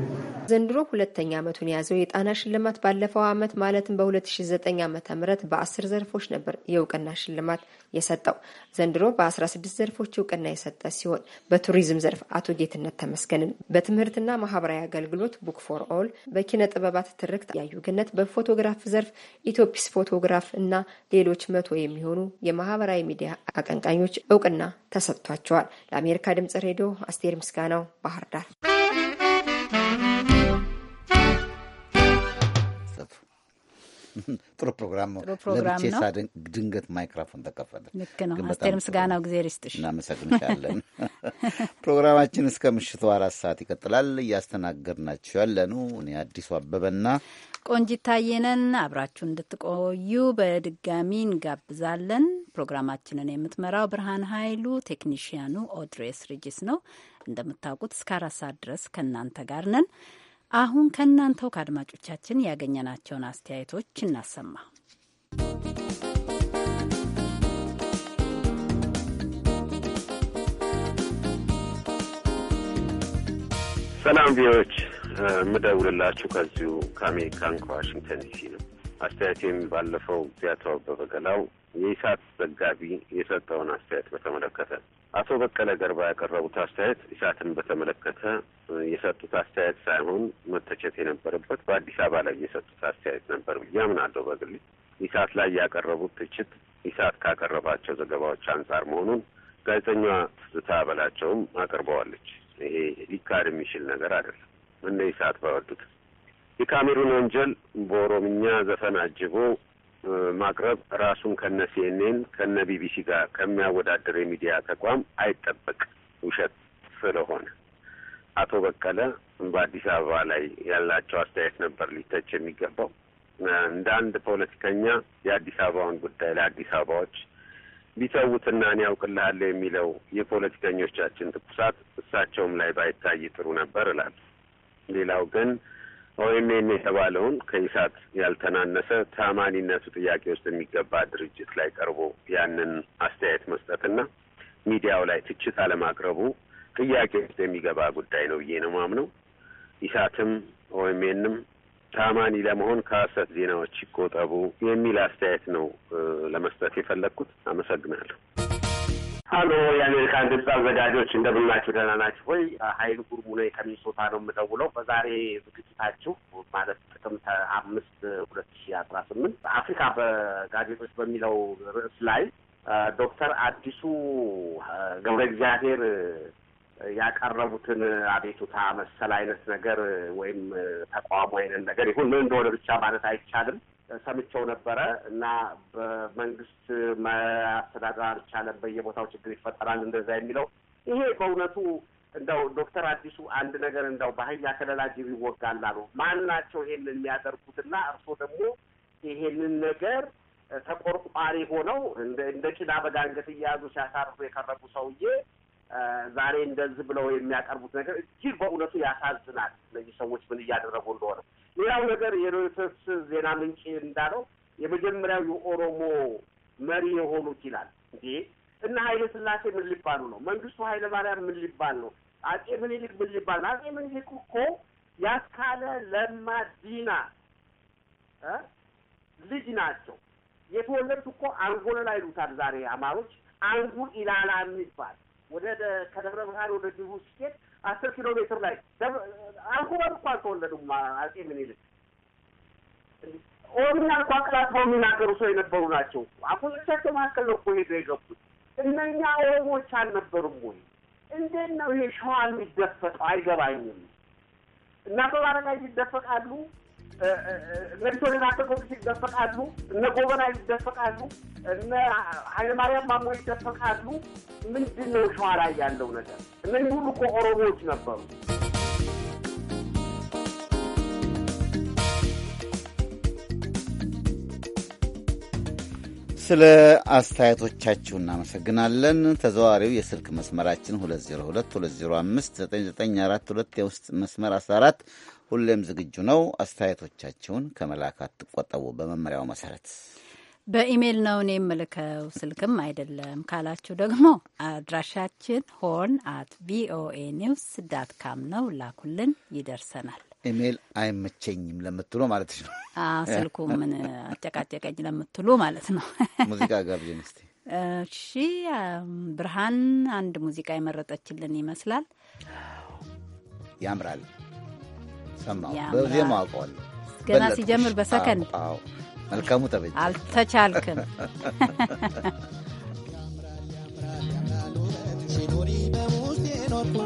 ዘንድሮ ሁለተኛ ዓመቱን የያዘው የጣና ሽልማት ባለፈው ዓመት ማለትም በ2009 ዓ ም በ10 ዘርፎች ነበር የእውቅና ሽልማት የሰጠው። ዘንድሮ በ16 ዘርፎች እውቅና የሰጠ ሲሆን በቱሪዝም ዘርፍ አቶ ጌትነት ተመስገንን፣ በትምህርትና ማህበራዊ አገልግሎት ቡክ ፎር ኦል፣ በኪነ ጥበባት ትርክት ያዩ ግነት፣ በፎቶግራፍ ዘርፍ ኢትዮፒስ ፎቶግራፍ እና ሌሎች መቶ የሚሆኑ የማህበራዊ ሚዲያ አቀንቃኞች እውቅና ተሰጥቷቸዋል። ለአሜሪካ ድምጽ ሬዲዮ አስቴር ምስጋናው ባህር ዳር። ጥሩ ፕሮግራም ነው። ለብቼ ድንገት ማይክራፎን ተከፈለ። ልክ ነው። አስቴር ምስጋናው ጊዜ ሪስትሽ እናመሰግንሻለን። (laughs) ፕሮግራማችን እስከ ምሽቱ አራት ሰዓት ይቀጥላል። እያስተናገድናችሁ ያለኑ እኔ አዲሱ አበበና ቆንጂት ታየነን። አብራችሁ እንድትቆዩ በድጋሚ እንጋብዛለን። ፕሮግራማችንን የምትመራው ብርሃን ኃይሉ፣ ቴክኒሽያኑ ኦድሬስ ሪጅስ ነው። እንደምታውቁት እስከ አራት ሰዓት ድረስ ከእናንተ ጋር ነን። አሁን ከእናንተው ከአድማጮቻችን ያገኘናቸውን አስተያየቶች እናሰማ። ሰላም ቪዎች የምደውልላችሁ ከዚሁ ከአሜሪካን ከዋሽንግተን ዲሲ ነው። አስተያየቴም ባለፈው ዚያቶ አበበ ገላው የኢሳት ዘጋቢ የሰጠውን አስተያየት በተመለከተ አቶ በቀለ ገርባ ያቀረቡት አስተያየት ኢሳትን በተመለከተ የሰጡት አስተያየት ሳይሆን መተቸት የነበረበት በአዲስ አበባ ላይ የሰጡት አስተያየት ነበር ብዬ አምናለሁ። በግል ኢሳት ላይ ያቀረቡት ትችት ኢሳት ካቀረባቸው ዘገባዎች አንጻር መሆኑን ጋዜጠኛ ትዝታ በላቸውም አቅርበዋለች። ይሄ ሊካድ የሚችል ነገር አይደለም። እነ ኢሳት ባወዱት የካሜሩን ወንጀል በኦሮምኛ ዘፈን አጅቦ ማቅረብ ራሱን ከነ ሲኤንኤን ከነ ቢቢሲ ጋር ከሚያወዳደር የሚዲያ ተቋም አይጠበቅ ውሸት ስለሆነ አቶ በቀለ በአዲስ አበባ ላይ ያላቸው አስተያየት ነበር ሊተች የሚገባው። እንደ አንድ ፖለቲከኛ የአዲስ አበባውን ጉዳይ ለአዲስ አበባዎች ቢተዉትና እኔ ያውቅልሃለሁ የሚለው የፖለቲከኞቻችን ትኩሳት እሳቸውም ላይ ባይታይ ጥሩ ነበር እላለሁ። ሌላው ግን ኦኤምኤን የተባለውን ከኢሳት ያልተናነሰ ታማኒነቱ ጥያቄ ውስጥ የሚገባ ድርጅት ላይ ቀርቦ ያንን አስተያየት መስጠትና ሚዲያው ላይ ትችት አለማቅረቡ ጥያቄ ውስጥ የሚገባ ጉዳይ ነው ብዬ ነው ማምነው። ኢሳትም ኦኤምኤንም ታማኒ ለመሆን ከሀሰት ዜናዎች ይቆጠቡ የሚል አስተያየት ነው ለመስጠት የፈለግኩት። አመሰግናለሁ። አሎ የአሜሪካን ድምፅ አዘጋጆች እንደምናችሁ ደህና ናችሁ ወይ? ሀይል ጉርሙ ነው ከሚኒሶታ ነው የምደውለው። በዛሬ ዝግጅታችሁ ማለት ጥቅምት አምስት ሁለት ሺ አስራ ስምንት አፍሪካ በጋዜጦች በሚለው ርዕስ ላይ ዶክተር አዲሱ ገብረ እግዚአብሔር ያቀረቡትን አቤቱታ መሰል አይነት ነገር ወይም ተቃውሞ አይነት ነገር ይሁን ምን እንደሆነ ብቻ ማለት አይቻልም ሰምቸው ነበረ እና በመንግስት ማስተዳደር አልቻለም፣ በየቦታው ችግር ይፈጠራል እንደዛ የሚለው ይሄ በእውነቱ እንደው ዶክተር አዲሱ አንድ ነገር እንደው በአህያ ከለላ ጅብ ይወጋል አሉ። ማን ናቸው ይሄንን የሚያደርጉትና እርስዎ ደግሞ ይሄንን ነገር ተቆርቋሪ ሆነው እንደ ጭላ በጋ አንገት እየያዙ ሲያሳርፉ የቀረቡ ሰውዬ ዛሬ እንደዚህ ብለው የሚያቀርቡት ነገር እጅግ በእውነቱ ያሳዝናል። እነዚህ ሰዎች ምን እያደረጉ እንደሆነ ሌላው ነገር የሮይተርስ ዜና ምንጭ እንዳለው የመጀመሪያው የኦሮሞ መሪ የሆኑት ይላል እንዴ እና ኃይለ ስላሴ ምን ሊባሉ ነው? መንግስቱ ኃይለ ማርያም ምን ሊባል ነው? አጼ ምኒልክ ምን ሊባል ነው? አጼ ምኒልክ እኮ ያስካለ ለማ ዲና ልጅ ናቸው። የተወለዱት እኮ ላይ ይሉታል ዛሬ አማሮች አንጉል ኢላላ የሚባል ወደ ከደብረ ብርሃን ወደ ድቡ ሲሄድ አስር ኪሎ ሜትር ላይ አንኩበር እኮ አልተወለዱም አጼ ምኒልክ። ኦሮምኛ እንኳ ቀላጥፈው የሚናገሩ ሰው የነበሩ ናቸው። አባቶቻቸው መካከል ነው እኮ ሄደው የገቡት። እነኛ ኦሮሞች አልነበሩም ወይ? እንዴት ነው ይሄ ሸዋ የሚደፈጠው? አይገባኝም። እናቶ ባረጋ ይደፈቃሉ እነ ሶሌናተ ገብስ ይደፈቃሉ፣ እነ ጎበና ይደፈቃሉ፣ እነ ኃይለማርያም ማሞ ይደፈቃሉ። ምንድን ነው ሸዋ ላይ ያለው ነገር? እነዚህ ሁሉ እኮ ኦሮሞዎች ነበሩ። ስለ አስተያየቶቻችሁ እናመሰግናለን። ተዘዋሪው የስልክ መስመራችን 2022059942 የውስጥ መስመር 14 ሁሌም ዝግጁ ነው። አስተያየቶቻችሁን ከመላክ አትቆጠቡ። በመመሪያው መሰረት በኢሜይል ነው እኔ የምልከው፣ ስልክም አይደለም ካላችሁ ደግሞ አድራሻችን ሆን አት ቪኦኤ ኒውስ ዳት ካም ነው። ላኩልን፣ ይደርሰናል። ኢሜይል አይመቸኝም ለምትሉ ማለት ነው። ስልኩ ምን አጨቃጨቀኝ ለምትሉ ማለት ነው። (laughs) ሙዚቃ ጋብዥን እስቲ። እሺ፣ ብርሃን አንድ ሙዚቃ የመረጠችልን ይመስላል። ያምራል ሰማሁ። በዜማ አውቀዋለሁ ገና ሲጀምር በሰከንድ። መልካሙ ተበጀ አልተቻልክም። ያምራል ያምራል ያምራል ውበት ሲኖሪ በሙሴ ኖርኩ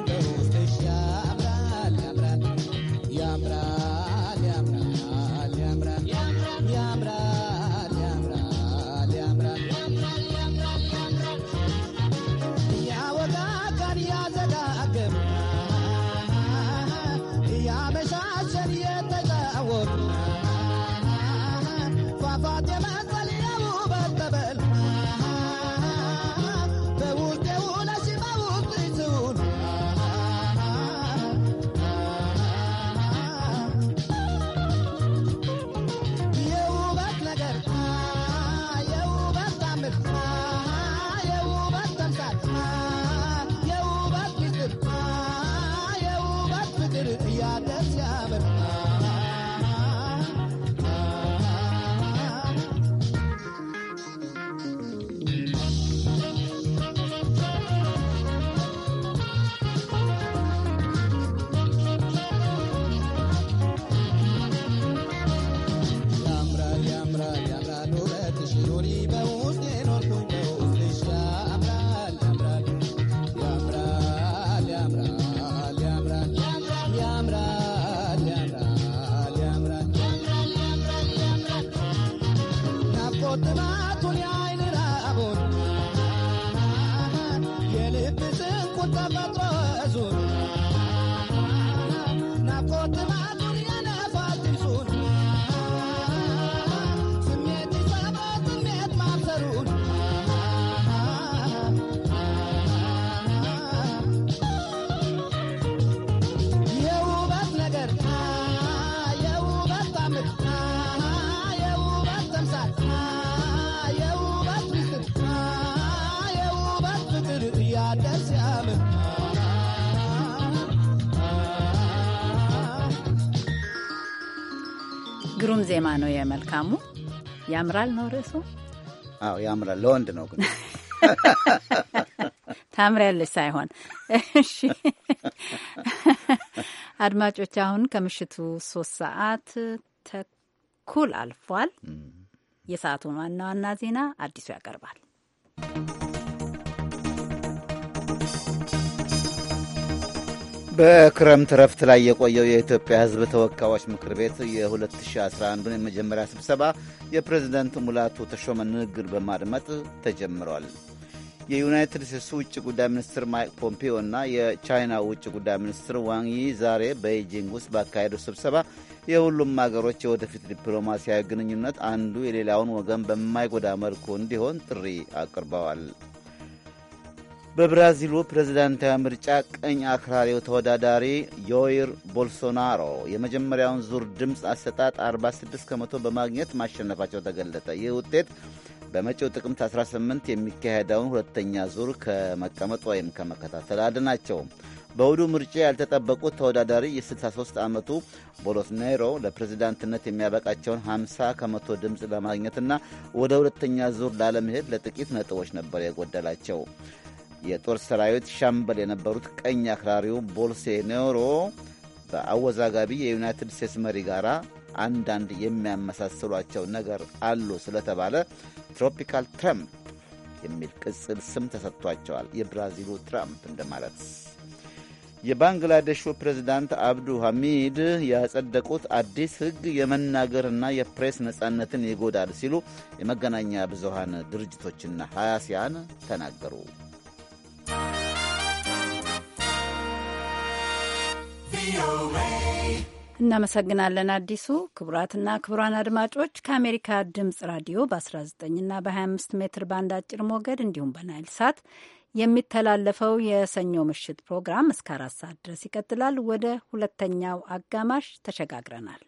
ግሩም ዜማ ነው የመልካሙ። ያምራል ነው ርዕሱ። አዎ ያምራል። ለወንድ ነው ግን (laughs) ታምሪያለች ሳይሆን። እሺ አድማጮች፣ አሁን ከምሽቱ ሶስት ሰዓት ተኩል አልፏል። የሰዓቱን ዋና ዋና ዜና አዲሱ ያቀርባል። በክረምት ረፍት ላይ የቆየው የኢትዮጵያ ሕዝብ ተወካዮች ምክር ቤት የ2011 የመጀመሪያ ስብሰባ የፕሬዝደንት ሙላቱ ተሾመ ንግግር በማድመጥ ተጀምሯል። የዩናይትድ ስቴትስ ውጭ ጉዳይ ሚኒስትር ማይክ ፖምፒዮ እና የቻይና ውጭ ጉዳይ ሚኒስትር ዋንግ ዛሬ በቤጂንግ ውስጥ ባካሄደው ስብሰባ የሁሉም አገሮች የወደፊት ዲፕሎማሲያዊ ግንኙነት አንዱ የሌላውን ወገን በማይጎዳ መልኩ እንዲሆን ጥሪ አቅርበዋል። በብራዚሉ ፕሬዝዳንታዊ ምርጫ ቀኝ አክራሪው ተወዳዳሪ ዮይር ቦልሶናሮ የመጀመሪያውን ዙር ድምፅ አሰጣጥ 46 ከመቶ በማግኘት ማሸነፋቸው ተገለጠ። ይህ ውጤት በመጪው ጥቅምት 18 የሚካሄደውን ሁለተኛ ዙር ከመቀመጥ ወይም ከመከታተል ናቸው በውዱ ምርጫ ያልተጠበቁት ተወዳዳሪ የ63 ዓመቱ ቦሎስኔሮ ለፕሬዝዳንትነት የሚያበቃቸውን 50 ከመቶ ድምፅ ለማግኘትና ወደ ሁለተኛ ዙር ላለመሄድ ለጥቂት ነጥቦች ነበር የጎደላቸው። የጦር ሰራዊት ሻምበል የነበሩት ቀኝ አክራሪው ኔሮ በአወዛጋቢ የዩናይትድ ስቴትስ መሪ ጋር አንዳንድ የሚያመሳስሏቸው ነገር አሉ ስለተባለ ትሮፒካል ትረምፕ የሚል ቅጽል ስም ተሰጥቷቸዋል። የብራዚሉ ትራምፕ እንደማለት። የባንግላዴሹ ፕሬዚዳንት አብዱ ሐሚድ ያጸደቁት አዲስ ሕግ የመናገርና የፕሬስ ነጻነትን ይጎዳል ሲሉ የመገናኛ ብዙሃን ድርጅቶችና ሀያሲያን ተናገሩ። እናመሰግናለን አዲሱ። ክቡራትና ክቡራን አድማጮች ከአሜሪካ ድምፅ ራዲዮ በ19ና በ25 ሜትር ባንድ አጭር ሞገድ እንዲሁም በናይል ሳት የሚተላለፈው የሰኞ ምሽት ፕሮግራም እስከ አራት ሰዓት ድረስ ይቀጥላል። ወደ ሁለተኛው አጋማሽ ተሸጋግረናል።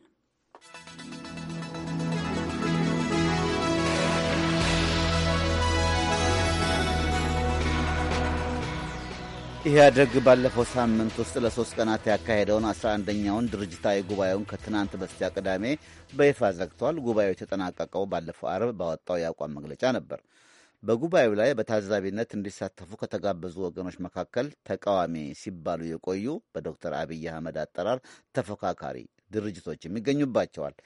ኢህአደግ ባለፈው ሳምንት ውስጥ ለሶስት ቀናት ያካሄደውን 11ኛውን ድርጅታዊ ጉባኤውን ከትናንት በስቲያ ቅዳሜ በይፋ ዘግቷል። ጉባኤው የተጠናቀቀው ባለፈው አርብ ባወጣው የአቋም መግለጫ ነበር። በጉባኤው ላይ በታዛቢነት እንዲሳተፉ ከተጋበዙ ወገኖች መካከል ተቃዋሚ ሲባሉ የቆዩ በዶክተር አብይ አህመድ አጠራር ተፎካካሪ ድርጅቶችም ይገኙባቸዋል።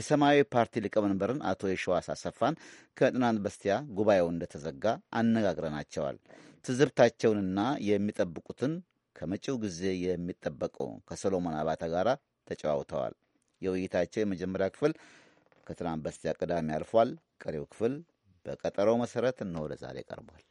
የሰማያዊ ፓርቲ ሊቀመንበርን አቶ የሸዋስ አሰፋን ከትናንት በስቲያ ጉባኤው እንደተዘጋ አነጋግረናቸዋል። ትዝብታቸውንና የሚጠብቁትን ከመጪው ጊዜ የሚጠበቀው ከሰሎሞን አባተ ጋር ተጨዋውተዋል። የውይይታቸው የመጀመሪያ ክፍል ከትናንት በስቲያ ቅዳሜ አልፏል። ቀሪው ክፍል በቀጠሮው መሰረት እነሆ ለዛሬ ቀርቧል።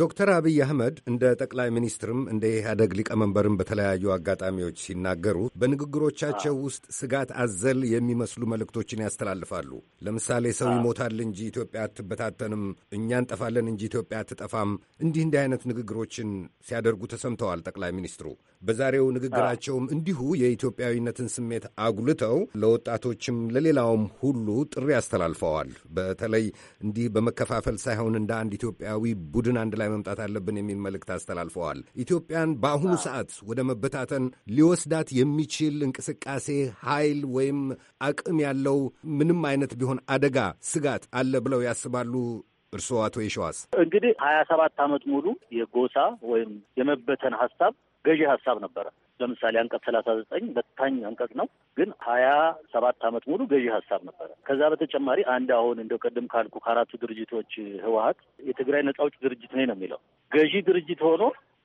ዶክተር አብይ አህመድ እንደ ጠቅላይ ሚኒስትርም እንደ ኢህአደግ ሊቀመንበርም በተለያዩ አጋጣሚዎች ሲናገሩ በንግግሮቻቸው ውስጥ ስጋት አዘል የሚመስሉ መልእክቶችን ያስተላልፋሉ። ለምሳሌ ሰው ይሞታል እንጂ ኢትዮጵያ አትበታተንም፣ እኛ እንጠፋለን እንጂ ኢትዮጵያ አትጠፋም። እንዲህ እንዲህ አይነት ንግግሮችን ሲያደርጉ ተሰምተዋል። ጠቅላይ ሚኒስትሩ በዛሬው ንግግራቸውም እንዲሁ የኢትዮጵያዊነትን ስሜት አጉልተው ለወጣቶችም ለሌላውም ሁሉ ጥሪ አስተላልፈዋል። በተለይ እንዲህ በመከፋፈል ሳይሆን እንደ አንድ ኢትዮጵያዊ ቡድን አንድ ላይ መምጣት አለብን የሚል መልእክት አስተላልፈዋል። ኢትዮጵያን በአሁኑ ሰዓት ወደ መበታተን ሊወስዳት የሚችል እንቅስቃሴ፣ ኃይል ወይም አቅም ያለው ምንም አይነት ቢሆን አደጋ፣ ስጋት አለ ብለው ያስባሉ? እርስ አቶ የሸዋስ እንግዲህ ሀያ ሰባት ዓመት ሙሉ የጎሳ ወይም የመበተን ሀሳብ ገዢ ሀሳብ ነበረ። ለምሳሌ አንቀጽ ሰላሳ ዘጠኝ በታኝ አንቀጽ ነው፣ ግን ሀያ ሰባት ዓመት ሙሉ ገዢ ሀሳብ ነበረ። ከዛ በተጨማሪ አንድ አሁን እንደው ቅድም ካልኩ ከአራቱ ድርጅቶች ህወሀት የትግራይ ነጻ አውጪ ድርጅት ነው የሚለው ገዢ ድርጅት ሆኖ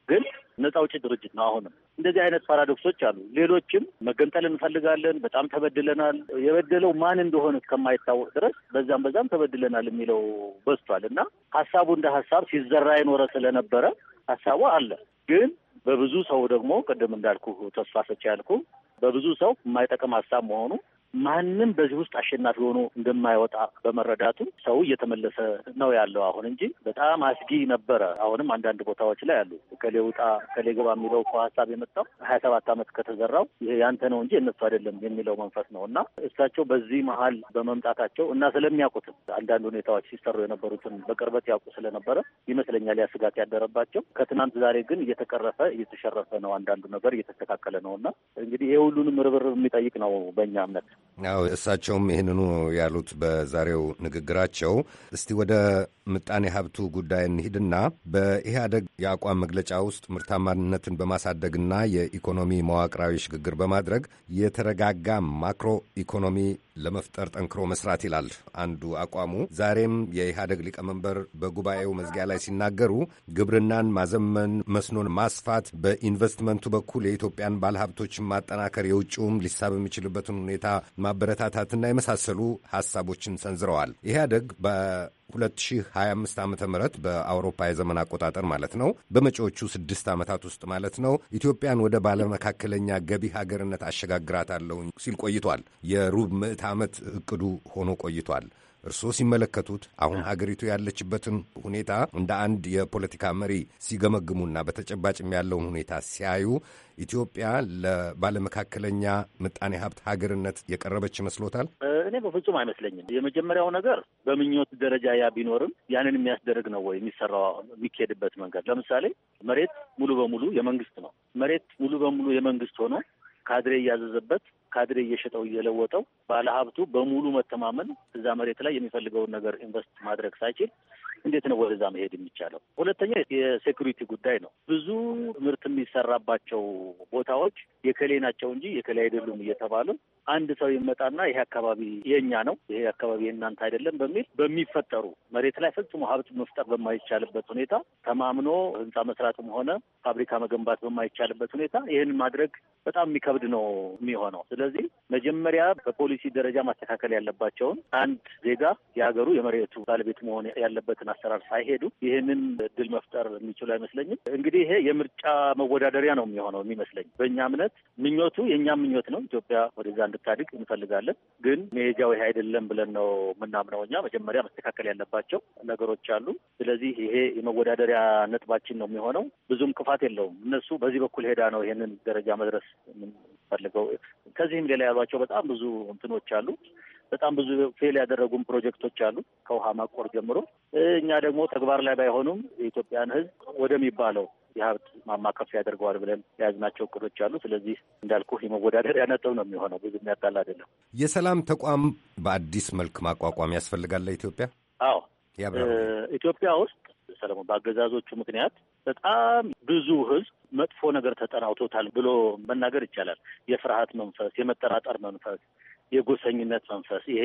ግን ነጻ አውጪ ድርጅት ነው። አሁንም እንደዚህ አይነት ፓራዶክሶች አሉ። ሌሎችም መገንጠል እንፈልጋለን፣ በጣም ተበድለናል፣ የበደለው ማን እንደሆነ እስከማይታወቅ ድረስ በዛም በዛም ተበድለናል የሚለው በዝቷል እና ሀሳቡ እንደ ሀሳብ ሲዘራ የኖረ ስለነበረ ሀሳቡ አለ። ግን በብዙ ሰው ደግሞ ቅድም እንዳልኩ ተስፋ ሰጪ ያልኩ በብዙ ሰው የማይጠቅም ሀሳብ መሆኑ ማንም በዚህ ውስጥ አሸናፊ ሆኖ እንደማይወጣ በመረዳቱ ሰው እየተመለሰ ነው ያለው አሁን እንጂ በጣም አስጊ ነበረ። አሁንም አንዳንድ ቦታዎች ላይ አሉ። ከሌ ውጣ ከሌ ግባ የሚለው እኮ ሀሳብ የመጣው ሀያ ሰባት ዓመት ከተዘራው ይሄ ያንተ ነው እንጂ እነሱ አይደለም የሚለው መንፈስ ነው እና እሳቸው በዚህ መሀል በመምጣታቸው እና ስለሚያውቁትም አንዳንድ ሁኔታዎች ሲሰሩ የነበሩትን በቅርበት ያውቁ ስለነበረ ይመስለኛል ያ ስጋት ያደረባቸው። ከትናንት ዛሬ ግን እየተቀረፈ እየተሸረፈ ነው፣ አንዳንዱ ነገር እየተስተካከለ ነው እና እንግዲህ ይህ ሁሉንም ርብርብ የሚጠይቅ ነው በእኛ እምነት። አዎ እሳቸውም ይህንኑ ያሉት በዛሬው ንግግራቸው። እስቲ ወደ ምጣኔ ሀብቱ ጉዳይ እንሂድና በኢህአደግ የአቋም መግለጫ ውስጥ ምርታማነትን በማሳደግና የኢኮኖሚ መዋቅራዊ ሽግግር በማድረግ የተረጋጋ ማክሮ ኢኮኖሚ ለመፍጠር ጠንክሮ መስራት ይላል አንዱ አቋሙ። ዛሬም የኢህአደግ ሊቀመንበር በጉባኤው መዝጊያ ላይ ሲናገሩ ግብርናን ማዘመን፣ መስኖን ማስፋት፣ በኢንቨስትመንቱ በኩል የኢትዮጵያን ባለሀብቶችን ማጠናከር፣ የውጭውም ሊሳብ የሚችልበትን ሁኔታ ማበረታታትና የመሳሰሉ ሀሳቦችን ሰንዝረዋል። ኢህአደግ 2025 ዓ ም በአውሮፓ የዘመን አቆጣጠር ማለት ነው። በመጪዎቹ ስድስት ዓመታት ውስጥ ማለት ነው ኢትዮጵያን ወደ ባለመካከለኛ ገቢ ሀገርነት አሸጋግራታለሁ ሲል ቆይቷል። የሩብ ምዕት ዓመት እቅዱ ሆኖ ቆይቷል። እርስዎ ሲመለከቱት አሁን ሀገሪቱ ያለችበትን ሁኔታ እንደ አንድ የፖለቲካ መሪ ሲገመግሙና በተጨባጭም ያለውን ሁኔታ ሲያዩ ኢትዮጵያ ለባለመካከለኛ ምጣኔ ሀብት ሀገርነት የቀረበች ይመስሎታል? እኔ በፍጹም አይመስለኝም። የመጀመሪያው ነገር በምኞት ደረጃ ያ ቢኖርም ያንን የሚያስደርግ ነው ወይ የሚሰራው የሚካሄድበት መንገድ? ለምሳሌ መሬት ሙሉ በሙሉ የመንግስት ነው። መሬት ሙሉ በሙሉ የመንግስት ሆኖ ካድሬ እያዘዘበት ካድሬ እየሸጠው እየለወጠው ባለሀብቱ በሙሉ መተማመን እዛ መሬት ላይ የሚፈልገውን ነገር ኢንቨስት ማድረግ ሳይችል እንዴት ነው ወደዛ መሄድ የሚቻለው? ሁለተኛ የሴኩሪቲ ጉዳይ ነው። ብዙ ምርት የሚሰራባቸው ቦታዎች የከሌ ናቸው እንጂ የከሌ አይደሉም እየተባሉ አንድ ሰው ይመጣና ይሄ አካባቢ የእኛ ነው፣ ይሄ አካባቢ የእናንተ አይደለም በሚል በሚፈጠሩ መሬት ላይ ፈጽሞ ሀብት መፍጠር በማይቻልበት ሁኔታ ተማምኖ ህንፃ መስራትም ሆነ ፋብሪካ መገንባት በማይቻልበት ሁኔታ ይህን ማድረግ በጣም የሚከብድ ነው የሚሆነው። ስለዚህ መጀመሪያ በፖሊሲ ደረጃ ማስተካከል ያለባቸውን አንድ ዜጋ የሀገሩ የመሬቱ ባለቤት መሆን ያለበትን አሰራር ሳይሄዱ ይህንን እድል መፍጠር የሚችሉ አይመስለኝም። እንግዲህ ይሄ የምርጫ መወዳደሪያ ነው የሚሆነው የሚመስለኝ። በእኛ እምነት ምኞቱ የእኛም ምኞት ነው። ኢትዮጵያ ወደዛ እንድታድግ እንፈልጋለን። ግን መሄጃው ይሄ አይደለም ብለን ነው የምናምነው እኛ። መጀመሪያ መስተካከል ያለባቸው ነገሮች አሉ። ስለዚህ ይሄ የመወዳደሪያ ነጥባችን ነው የሚሆነው። ብዙም ክፋት የለውም። እነሱ በዚህ በኩል ሄዳ ነው ይሄንን ደረጃ መድረስ የምንፈልገው። ከዚህም ሌላ ያሏቸው በጣም ብዙ እንትኖች አሉ። በጣም ብዙ ፌል ያደረጉም ፕሮጀክቶች አሉ ከውሃ ማቆር ጀምሮ። እኛ ደግሞ ተግባር ላይ ባይሆኑም የኢትዮጵያን ሕዝብ ወደሚባለው የሀብት ማማከፍ ያደርገዋል ብለን የያዝናቸው እቅዶች አሉ። ስለዚህ እንዳልኩ የመወዳደሪያ ነጥብ ነው የሚሆነው። ብዙ የሚያጣል አይደለም። የሰላም ተቋም በአዲስ መልክ ማቋቋም ያስፈልጋል ለኢትዮጵያ። አዎ ኢትዮጵያ ውስጥ ሰለሞን በአገዛዞቹ ምክንያት በጣም ብዙ ሕዝብ መጥፎ ነገር ተጠናውቶታል ብሎ መናገር ይቻላል። የፍርሃት መንፈስ፣ የመጠራጠር መንፈስ፣ የጎሰኝነት መንፈስ፣ ይሄ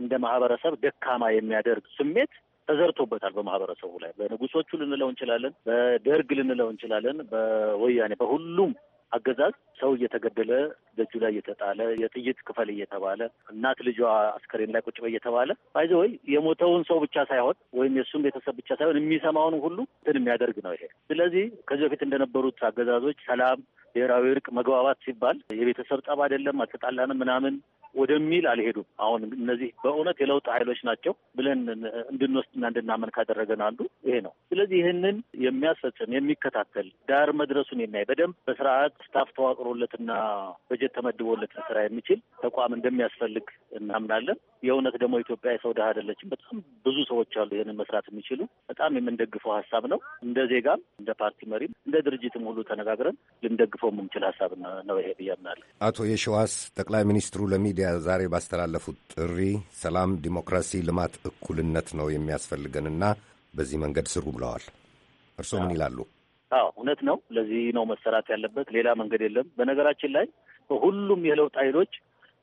እንደ ማህበረሰብ ደካማ የሚያደርግ ስሜት ተዘርቶበታል በማህበረሰቡ ላይ። በንጉሶቹ ልንለው እንችላለን፣ በደርግ ልንለው እንችላለን፣ በወያኔ በሁሉም አገዛዝ ሰው እየተገደለ ደጁ ላይ እየተጣለ የጥይት ክፈል እየተባለ እናት ልጇ አስከሬን ላይ ቁጭ በይ እየተባለ ባይዘ ወይ የሞተውን ሰው ብቻ ሳይሆን ወይም የእሱን ቤተሰብ ብቻ ሳይሆን የሚሰማውን ሁሉ እንትን የሚያደርግ ነው ይሄ። ስለዚህ ከዚህ በፊት እንደነበሩት አገዛዞች ሰላም፣ ብሔራዊ እርቅ፣ መግባባት ሲባል የቤተሰብ ጠብ አይደለም አልተጣላንም ምናምን ወደሚል አልሄዱም። አሁን እነዚህ በእውነት የለውጥ ኃይሎች ናቸው ብለን እንድንወስድና እንድናመን ካደረገን አንዱ ይሄ ነው። ስለዚህ ይህንን የሚያስፈጽም የሚከታተል ዳር መድረሱን የሚያይ በደንብ በስርዓት ስታፍ ተዋቅሮለትና በጀት ተመድቦለት ስራ የሚችል ተቋም እንደሚያስፈልግ እናምናለን። የእውነት ደግሞ ኢትዮጵያ የሰው ድሀ አይደለችም። በጣም ብዙ ሰዎች አሉ ይህንን መስራት የሚችሉ። በጣም የምንደግፈው ሀሳብ ነው። እንደ ዜጋም፣ እንደ ፓርቲ መሪም፣ እንደ ድርጅትም ሁሉ ተነጋግረን ልንደግፈው የምንችል ሀሳብ ነው ይሄ ብያምናለን። አቶ የሸዋስ ጠቅላይ ሚኒስትሩ ለሚዲያ ዛሬ ባስተላለፉት ጥሪ ሰላም፣ ዲሞክራሲ፣ ልማት፣ እኩልነት ነው የሚያስፈልገንና በዚህ መንገድ ስሩ ብለዋል። እርስዎ ምን ይላሉ? አዎ እውነት ነው። ለዚህ ነው መሰራት ያለበት። ሌላ መንገድ የለም። በነገራችን ላይ ሁሉም የለውጥ ኃይሎች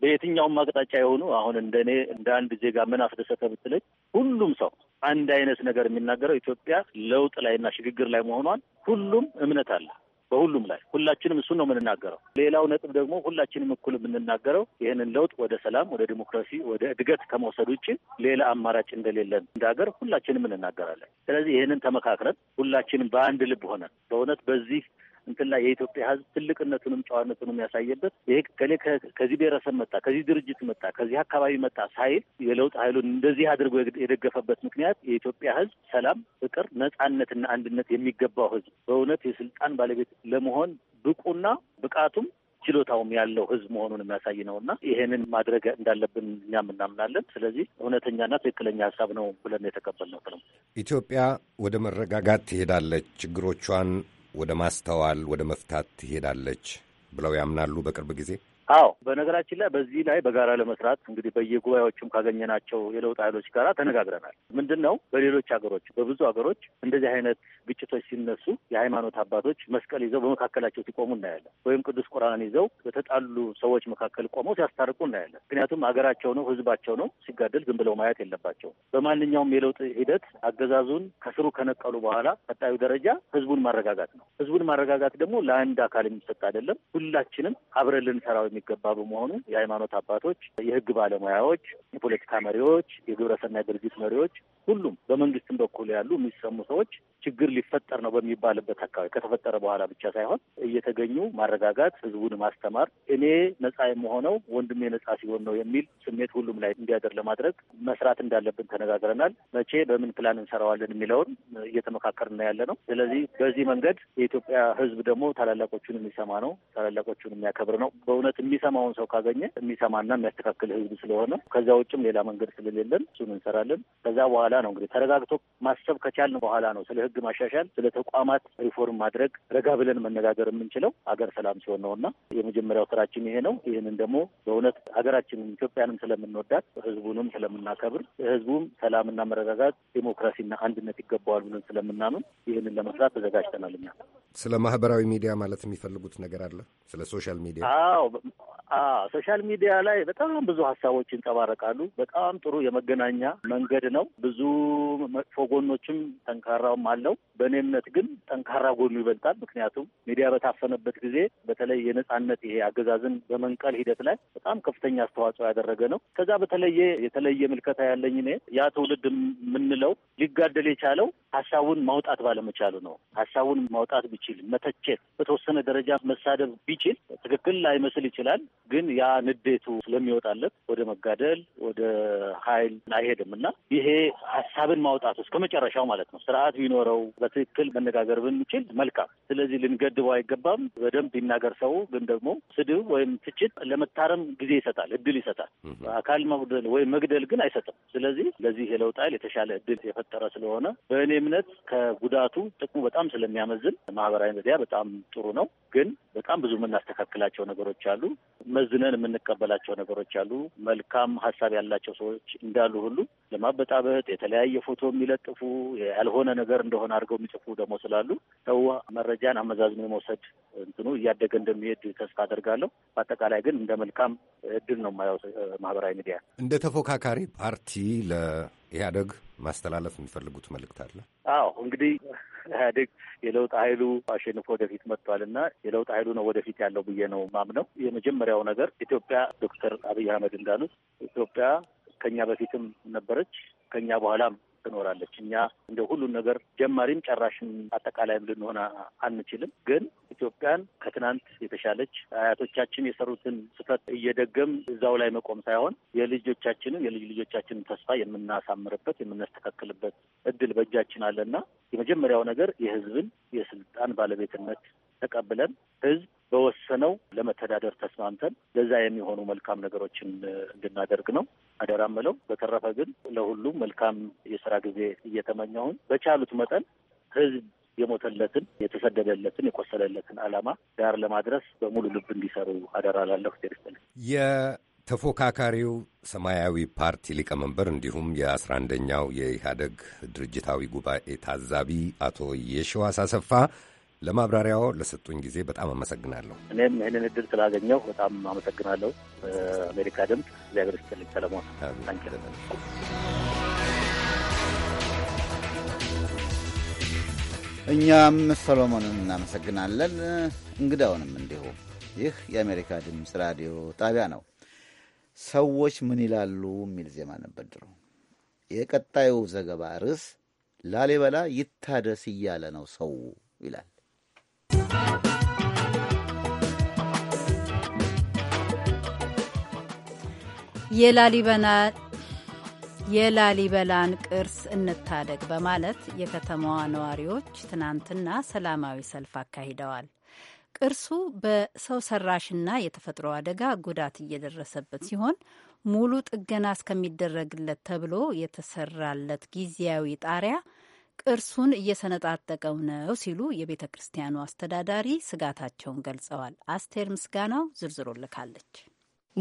በየትኛውም አቅጣጫ የሆኑ አሁን እንደ እኔ እንደ አንድ ዜጋ ምን አስደሰተ ብትለኝ ሁሉም ሰው አንድ አይነት ነገር የሚናገረው ኢትዮጵያ ለውጥ ላይና ሽግግር ላይ መሆኗን ሁሉም እምነት አለ። በሁሉም ላይ ሁላችንም እሱን ነው የምንናገረው። ሌላው ነጥብ ደግሞ ሁላችንም እኩል የምንናገረው ይህንን ለውጥ ወደ ሰላም፣ ወደ ዲሞክራሲ፣ ወደ እድገት ከመውሰድ ውጭ ሌላ አማራጭ እንደሌለን እንደ ሀገር ሁላችንም እንናገራለን። ስለዚህ ይህንን ተመካክረን ሁላችንም በአንድ ልብ ሆነን በእውነት በዚህ እንትን ላይ የኢትዮጵያ ህዝብ ትልቅነቱንም ጨዋነቱንም ያሳየበት ይሄ ከሌ ከዚህ ብሔረሰብ መጣ፣ ከዚህ ድርጅት መጣ፣ ከዚህ አካባቢ መጣ ሳይል የለውጥ ኃይሉን እንደዚህ አድርጎ የደገፈበት ምክንያት የኢትዮጵያ ህዝብ ሰላም፣ ፍቅር፣ ነጻነትና አንድነት የሚገባው ህዝብ በእውነት የስልጣን ባለቤት ለመሆን ብቁና ብቃቱም ችሎታውም ያለው ህዝብ መሆኑን የሚያሳይ ነው እና ይሄንን ማድረግ እንዳለብን እኛም እናምናለን። ስለዚህ እውነተኛና ትክክለኛ ሀሳብ ነው ብለን የተቀበልነው። ኢትዮጵያ ወደ መረጋጋት ትሄዳለች፣ ችግሮቿን ወደ ማስተዋል ወደ መፍታት ትሄዳለች ብለው ያምናሉ? በቅርብ ጊዜ አዎ በነገራችን ላይ በዚህ ላይ በጋራ ለመስራት እንግዲህ በየጉባኤዎቹም ካገኘናቸው የለውጥ ኃይሎች ጋር ተነጋግረናል። ምንድን ነው በሌሎች ሀገሮች በብዙ ሀገሮች እንደዚህ አይነት ግጭቶች ሲነሱ የሃይማኖት አባቶች መስቀል ይዘው በመካከላቸው ሲቆሙ እናያለን። ወይም ቅዱስ ቁርአን ይዘው በተጣሉ ሰዎች መካከል ቆመው ሲያስታርቁ እናያለን። ምክንያቱም ሀገራቸው ነው፣ ህዝባቸው ነው፣ ሲጋደል ዝም ብለው ማየት የለባቸውም። በማንኛውም የለውጥ ሂደት አገዛዙን ከስሩ ከነቀሉ በኋላ ቀጣዩ ደረጃ ህዝቡን ማረጋጋት ነው። ህዝቡን ማረጋጋት ደግሞ ለአንድ አካል የሚሰጥ አይደለም። ሁላችንም አብረን ልንሰራው የሚ የሚገባ በመሆኑ የሃይማኖት አባቶች፣ የህግ ባለሙያዎች፣ የፖለቲካ መሪዎች፣ የግብረሰናይ ድርጅት መሪዎች ሁሉም በመንግስትም በኩል ያሉ የሚሰሙ ሰዎች ችግር ሊፈጠር ነው በሚባልበት አካባቢ ከተፈጠረ በኋላ ብቻ ሳይሆን እየተገኙ ማረጋጋት፣ ህዝቡን ማስተማር፣ እኔ ነጻ የምሆነው ወንድሜ ነጻ ሲሆን ነው የሚል ስሜት ሁሉም ላይ እንዲያደር ለማድረግ መስራት እንዳለብን ተነጋግረናል። መቼ በምን ፕላን እንሰራዋለን የሚለውን እየተመካከርን ያለ ነው። ስለዚህ በዚህ መንገድ የኢትዮጵያ ህዝብ ደግሞ ታላላቆቹን የሚሰማ ነው፣ ታላላቆቹን የሚያከብር ነው። በእውነት የሚሰማውን ሰው ካገኘ የሚሰማና የሚያስተካክል ህዝብ ስለሆነ ከዛ ውጭም ሌላ መንገድ ስለሌለን እሱን እንሰራለን። ከዛ በኋላ በኋላ ነው እንግዲህ ተረጋግቶ ማሰብ ከቻልን በኋላ ነው ስለ ህግ ማሻሻል፣ ስለ ተቋማት ሪፎርም ማድረግ ረጋ ብለን መነጋገር የምንችለው አገር ሰላም ሲሆን ነው እና የመጀመሪያው ስራችን ይሄ ነው። ይህንን ደግሞ በእውነት ሀገራችንን ኢትዮጵያንም ስለምንወዳት ህዝቡንም ስለምናከብር ህዝቡም ሰላምና መረጋጋት፣ ዴሞክራሲና አንድነት ይገባዋል ብለን ስለምናምን ይህንን ለመስራት ተዘጋጅተናል። እኛ ስለ ማህበራዊ ሚዲያ ማለት የሚፈልጉት ነገር አለ ስለ ሶሻል ሚዲያ? አዎ ሶሻል ሚዲያ ላይ በጣም ብዙ ሀሳቦች ይንጸባረቃሉ። በጣም ጥሩ የመገናኛ መንገድ ነው። ብዙ መጥፎ ጎኖችም ጠንካራውም አለው። በእኔ እምነት ግን ጠንካራ ጎኑ ይበልጣል። ምክንያቱም ሚዲያ በታፈነበት ጊዜ በተለይ የነጻነት ይሄ አገዛዝን በመንቀል ሂደት ላይ በጣም ከፍተኛ አስተዋጽኦ ያደረገ ነው። ከዛ በተለየ የተለየ ምልከታ ያለኝ እኔ ያ ትውልድ የምንለው ሊጋደል የቻለው ሀሳቡን ማውጣት ባለመቻሉ ነው። ሀሳቡን ማውጣት ቢችል መተቸት፣ በተወሰነ ደረጃ መሳደብ ቢችል ትክክል ላይመስል ይችላል። ግን ያ ንዴቱ ስለሚወጣለት ወደ መጋደል ወደ ኃይል አይሄድም እና ይሄ ሀሳብን ማውጣት እስከ መጨረሻው ማለት ነው ስርዓት ቢኖረው በትክክል መነጋገር ብንችል መልካም። ስለዚህ ልንገድበው አይገባም። በደንብ ቢናገር ሰው። ግን ደግሞ ስድብ ወይም ትችት ለመታረም ጊዜ ይሰጣል፣ እድል ይሰጣል። አካል መጉደል ወይም መግደል ግን አይሰጥም። ስለዚህ ለዚህ የለውጥ ኃይል የተሻለ እድል የፈጠረ ስለሆነ በእኔ እምነት ከጉዳቱ ጥቅሙ በጣም ስለሚያመዝን ማህበራዊ ሚዲያ በጣም ጥሩ ነው። ግን በጣም ብዙ የምናስተካክላቸው ነገሮች አሉ። መዝነን የምንቀበላቸው ነገሮች አሉ። መልካም ሀሳብ ያላቸው ሰዎች እንዳሉ ሁሉ ለማበጣበጥ የተለያየ ፎቶ የሚለጥፉ ያልሆነ ነገር እንደሆነ አድርገው የሚጽፉ ደግሞ ስላሉ ሰው መረጃን አመዛዝኖ የመውሰድ እንትኑ እያደገ እንደሚሄድ ተስፋ አደርጋለሁ። በአጠቃላይ ግን እንደ መልካም እድል ነው የማየው ማህበራዊ ሚዲያ። እንደ ተፎካካሪ ፓርቲ ለኢህአደግ ማስተላለፍ የሚፈልጉት መልእክት አለ? አዎ እንግዲህ ኢህአዴግ የለውጥ ኃይሉ አሸንፎ ወደፊት መጥቷል እና የለውጥ ኃይሉ ነው ወደፊት ያለው ብዬ ነው ማምነው። የመጀመሪያው ነገር ኢትዮጵያ ዶክተር አብይ አህመድ እንዳሉት ኢትዮጵያ ከኛ በፊትም ነበረች፣ ከኛ በኋላም ትኖራለች። እኛ እንደ ሁሉን ነገር ጀማሪም ጨራሽን አጠቃላይም ልንሆን አንችልም። ግን ኢትዮጵያን ከትናንት የተሻለች አያቶቻችን የሰሩትን ስህተት እየደገም እዛው ላይ መቆም ሳይሆን የልጆቻችንን የልጅ ልጆቻችንን ተስፋ የምናሳምርበት የምናስተካክልበት እድል በእጃችን አለና የመጀመሪያው ነገር የህዝብን የስልጣን ባለቤትነት ተቀብለን ህዝብ በወሰነው ለመተዳደር ተስማምተን ለዛ የሚሆኑ መልካም ነገሮችን እንድናደርግ ነው አደራምለው። በተረፈ ግን ለሁሉም መልካም የስራ ጊዜ እየተመኘሁኝ በቻሉት መጠን ህዝብ የሞተለትን የተሰደደለትን የቆሰለለትን አላማ ዳር ለማድረስ በሙሉ ልብ እንዲሰሩ አደራ ላለሁ ቴርስትል የተፎካካሪው ሰማያዊ ፓርቲ ሊቀመንበር እንዲሁም የአስራ አንደኛው የኢህአደግ ድርጅታዊ ጉባኤ ታዛቢ አቶ የሸዋስ አሰፋ ለማብራሪያው ለሰጡኝ ጊዜ በጣም አመሰግናለሁ። እኔም ይህንን እድል ስላገኘው በጣም አመሰግናለሁ። አሜሪካ ድምፅ እግዚአብሔር ይስጥልኝ ሰለሞን። እኛም ሰሎሞንን እናመሰግናለን፣ እንግዳውንም እንዲሁ። ይህ የአሜሪካ ድምፅ ራዲዮ ጣቢያ ነው። ሰዎች ምን ይላሉ የሚል ዜማ ነበር ድሮ። የቀጣዩ ዘገባ ርዕስ ላሊበላ ይታደስ እያለ ነው ሰው ይላል። የላሊበላን ቅርስ እንታደግ በማለት የከተማዋ ነዋሪዎች ትናንትና ሰላማዊ ሰልፍ አካሂደዋል። ቅርሱ በሰው ሰራሽና የተፈጥሮ አደጋ ጉዳት እየደረሰበት ሲሆን ሙሉ ጥገና እስከሚደረግለት ተብሎ የተሰራለት ጊዜያዊ ጣሪያ ቅርሱን እየሰነጣጠቀው ነው ሲሉ የቤተ ክርስቲያኑ አስተዳዳሪ ስጋታቸውን ገልጸዋል። አስቴር ምስጋናው ዝርዝሮ ልካለች።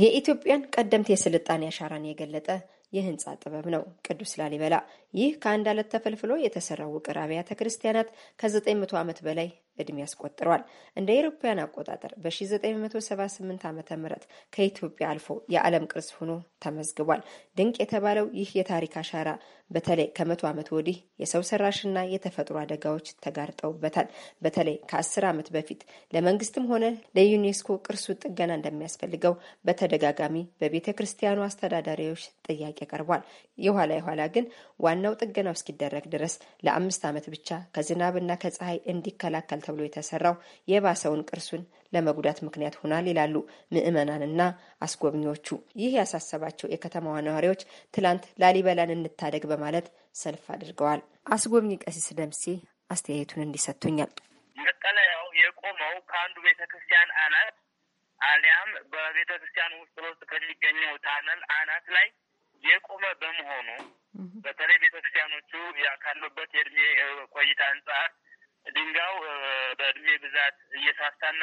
የኢትዮጵያን ቀደምት የስልጣኔ አሻራን የገለጠ የህንፃ ጥበብ ነው ቅዱስ ላሊበላ። ይህ ከአንድ አለት ተፈልፍሎ የተሰራው ውቅር አብያተ ክርስቲያናት ከ900 ዓመት በላይ እድሜ ያስቆጥረዋል። እንደ አውሮፓውያን አቆጣጠር በ1978 ዓ ም ከኢትዮጵያ አልፎ የዓለም ቅርስ ሆኖ ተመዝግቧል። ድንቅ የተባለው ይህ የታሪክ አሻራ በተለይ ከመቶ ዓመት ወዲህ የሰው ሰራሽና የተፈጥሮ አደጋዎች ተጋርጠውበታል። በተለይ ከአስር ዓመት በፊት ለመንግስትም ሆነ ለዩኔስኮ ቅርሱ ጥገና እንደሚያስፈልገው በተደጋጋሚ በቤተ ክርስቲያኑ አስተዳዳሪዎች ጥያቄ ቀርቧል። የኋላ የኋላ ግን ዋናው ጥገናው እስኪደረግ ድረስ ለአምስት ዓመት ብቻ ከዝናብና ከፀሐይ እንዲከላከል ተብሎ የተሰራው የባሰውን ቅርሱን ለመጉዳት ምክንያት ሆናል ይላሉ ምዕመናንና አስጎብኚዎቹ። ይህ ያሳሰባቸው የከተማዋ ነዋሪዎች ትላንት ላሊበላን እንታደግ በማለት ሰልፍ አድርገዋል። አስጎብኚ ቀሲስ ደምሴ አስተያየቱን እንዲሰጡኛል። መጠለያው የቆመው ከአንዱ ቤተ ክርስቲያን አናት አሊያም በቤተ ክርስቲያን ውስጥ ለውስጥ ከሚገኘው ታነል አናት ላይ የቆመ በመሆኑ በተለይ ቤተ ክርስቲያኖቹ ካሉበት የእድሜ ቆይታ አንጻር ድንጋዩ በእድሜ ብዛት እየሳሳና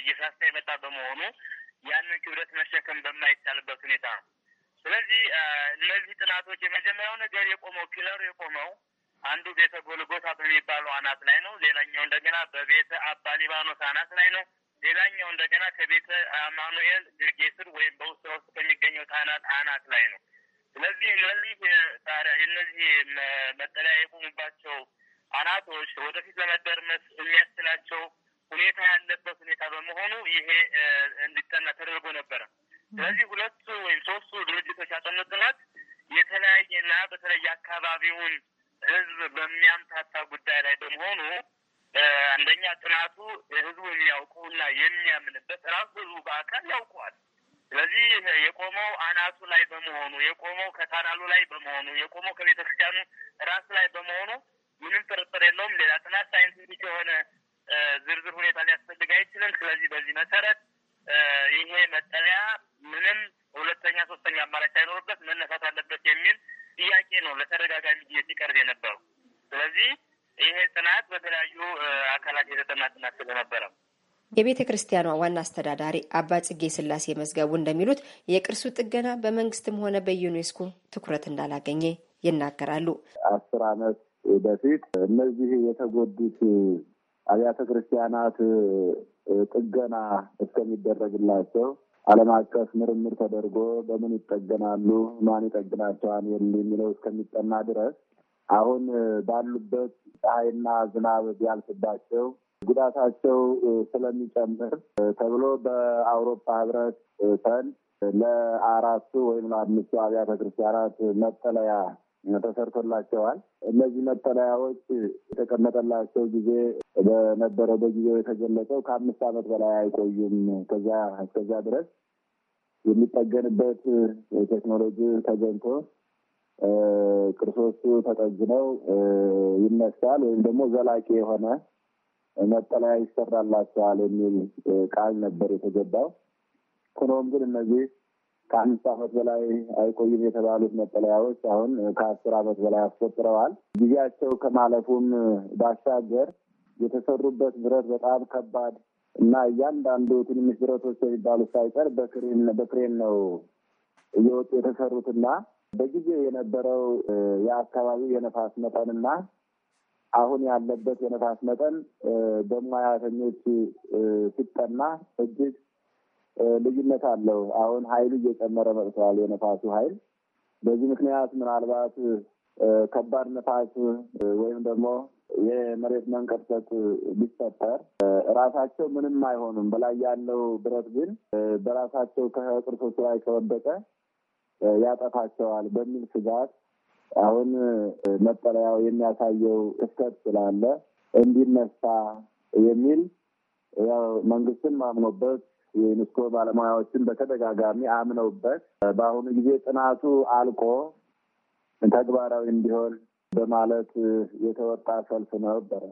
እየሳሳ የመጣ በመሆኑ ያንን ክብደት መሸከም በማይቻልበት ሁኔታ ነው። ስለዚህ እነዚህ ጥናቶች የመጀመሪያው ነገር የቆመው ፒለሩ የቆመው አንዱ ቤተ ጎልጎታ በሚባለው አናት ላይ ነው። ሌላኛው እንደገና በቤተ አባ ሊባኖስ አናት ላይ ነው። ሌላኛው እንደገና ከቤተ አማኑኤል ግርጌ ስር ወይም በውስጥ ለውስጥ ከሚገኘው ታናት አናት ላይ ነው። ስለዚህ እነዚህ ታዲያ እነዚህ መጠለያ የቆሙባቸው አናቶች ወደፊት ለመደርመስ የሚያስችላቸው ሁኔታ ያለበት ሁኔታ በመሆኑ ይሄ እንዲጠና ተደርጎ ነበረ። ስለዚህ ሁለቱ ወይም ሶስቱ ድርጅቶች ያጠኑት ጥናት የተለያየና በተለይ አካባቢውን ህዝብ በሚያምታታ ጉዳይ ላይ በመሆኑ አንደኛ ጥናቱ ህዝቡ የሚያውቀውና የሚያምንበት ራሱ ህዝቡ በአካል ያውቀዋል። ስለዚህ የቆመው አናቱ ላይ በመሆኑ የቆመው ከታናሉ ላይ በመሆኑ የቆመው ከቤተክርስቲያኑ ራስ ላይ በመሆኑ ምንም ጥርጥር የለውም። ሌላ ጥናት ሳይንቲፊክ የሆነ ዝርዝር ሁኔታ ሊያስፈልግ አይችልም። ስለዚህ በዚህ መሰረት ይሄ መጠለያ ምንም ሁለተኛ ሶስተኛ አማራጭ ሳይኖርበት መነሳት አለበት የሚል ጥያቄ ነው ለተደጋጋሚ ጊዜ ሲቀርብ የነበረው። ስለዚህ ይሄ ጥናት በተለያዩ አካላት የተጠና ጥናት ስለነበረ የቤተ ክርስቲያኗ ዋና አስተዳዳሪ አባ ጽጌ ስላሴ መዝገቡ እንደሚሉት የቅርሱ ጥገና በመንግስትም ሆነ በዩኔስኮ ትኩረት እንዳላገኘ ይናገራሉ። አስር አመት በፊት እነዚህ የተጎዱት አብያተ ክርስቲያናት ጥገና እስከሚደረግላቸው ዓለም አቀፍ ምርምር ተደርጎ በምን ይጠገናሉ፣ ማን ይጠግናቸዋል የሚለው እስከሚጠና ድረስ አሁን ባሉበት ፀሐይና ዝናብ ቢያልፍባቸው ጉዳታቸው ስለሚጨምር ተብሎ በአውሮፓ ህብረት ሰን ለአራቱ ወይም ለአምስቱ አብያተ ክርስቲያናት መጠለያ ተሰርቶላቸዋል። እነዚህ መጠለያዎች የተቀመጠላቸው ጊዜ በነበረው በጊዜው የተገለጸው ከአምስት ዓመት በላይ አይቆዩም። ከዛ እስከዛ ድረስ የሚጠገንበት ቴክኖሎጂ ተገኝቶ ቅርሶቹ ተጠግነው ይነሳል ወይም ደግሞ ዘላቂ የሆነ መጠለያ ይሰራላቸዋል የሚል ቃል ነበር የተገባው። ሆኖም ግን እነዚህ ከአምስት ዓመት በላይ አይቆይም የተባሉት መጠለያዎች አሁን ከአስር ዓመት በላይ አስቆጥረዋል። ጊዜያቸው ከማለፉም ባሻገር የተሰሩበት ብረት በጣም ከባድ እና እያንዳንዱ ትንንሽ ብረቶች የሚባሉት ሳይቀር በክሬን ነው እየወጡ የተሰሩትና በጊዜው የነበረው የአካባቢው የነፋስ መጠንና አሁን ያለበት የነፋስ መጠን በሙያተኞች ሲጠና እጅግ ልዩነት አለው። አሁን ኃይሉ እየጨመረ መጥተዋል፣ የነፋሱ ኃይል። በዚህ ምክንያት ምናልባት ከባድ ነፋስ ወይም ደግሞ የመሬት መንቀጥቀጥ ቢፈጠር ራሳቸው ምንም አይሆኑም። በላይ ያለው ብረት ግን በራሳቸው ከቅርሶቹ ላይ ከወደቀ ያጠፋቸዋል በሚል ስጋት አሁን መጠለያው የሚያሳየው ክፍተት ስላለ እንዲነሳ የሚል ያው መንግስትም አምኖበት የዩኒስኮ ባለሙያዎችን በተደጋጋሚ አምነውበት በአሁኑ ጊዜ ጥናቱ አልቆ ተግባራዊ እንዲሆን በማለት የተወጣ ሰልፍ ነበረ።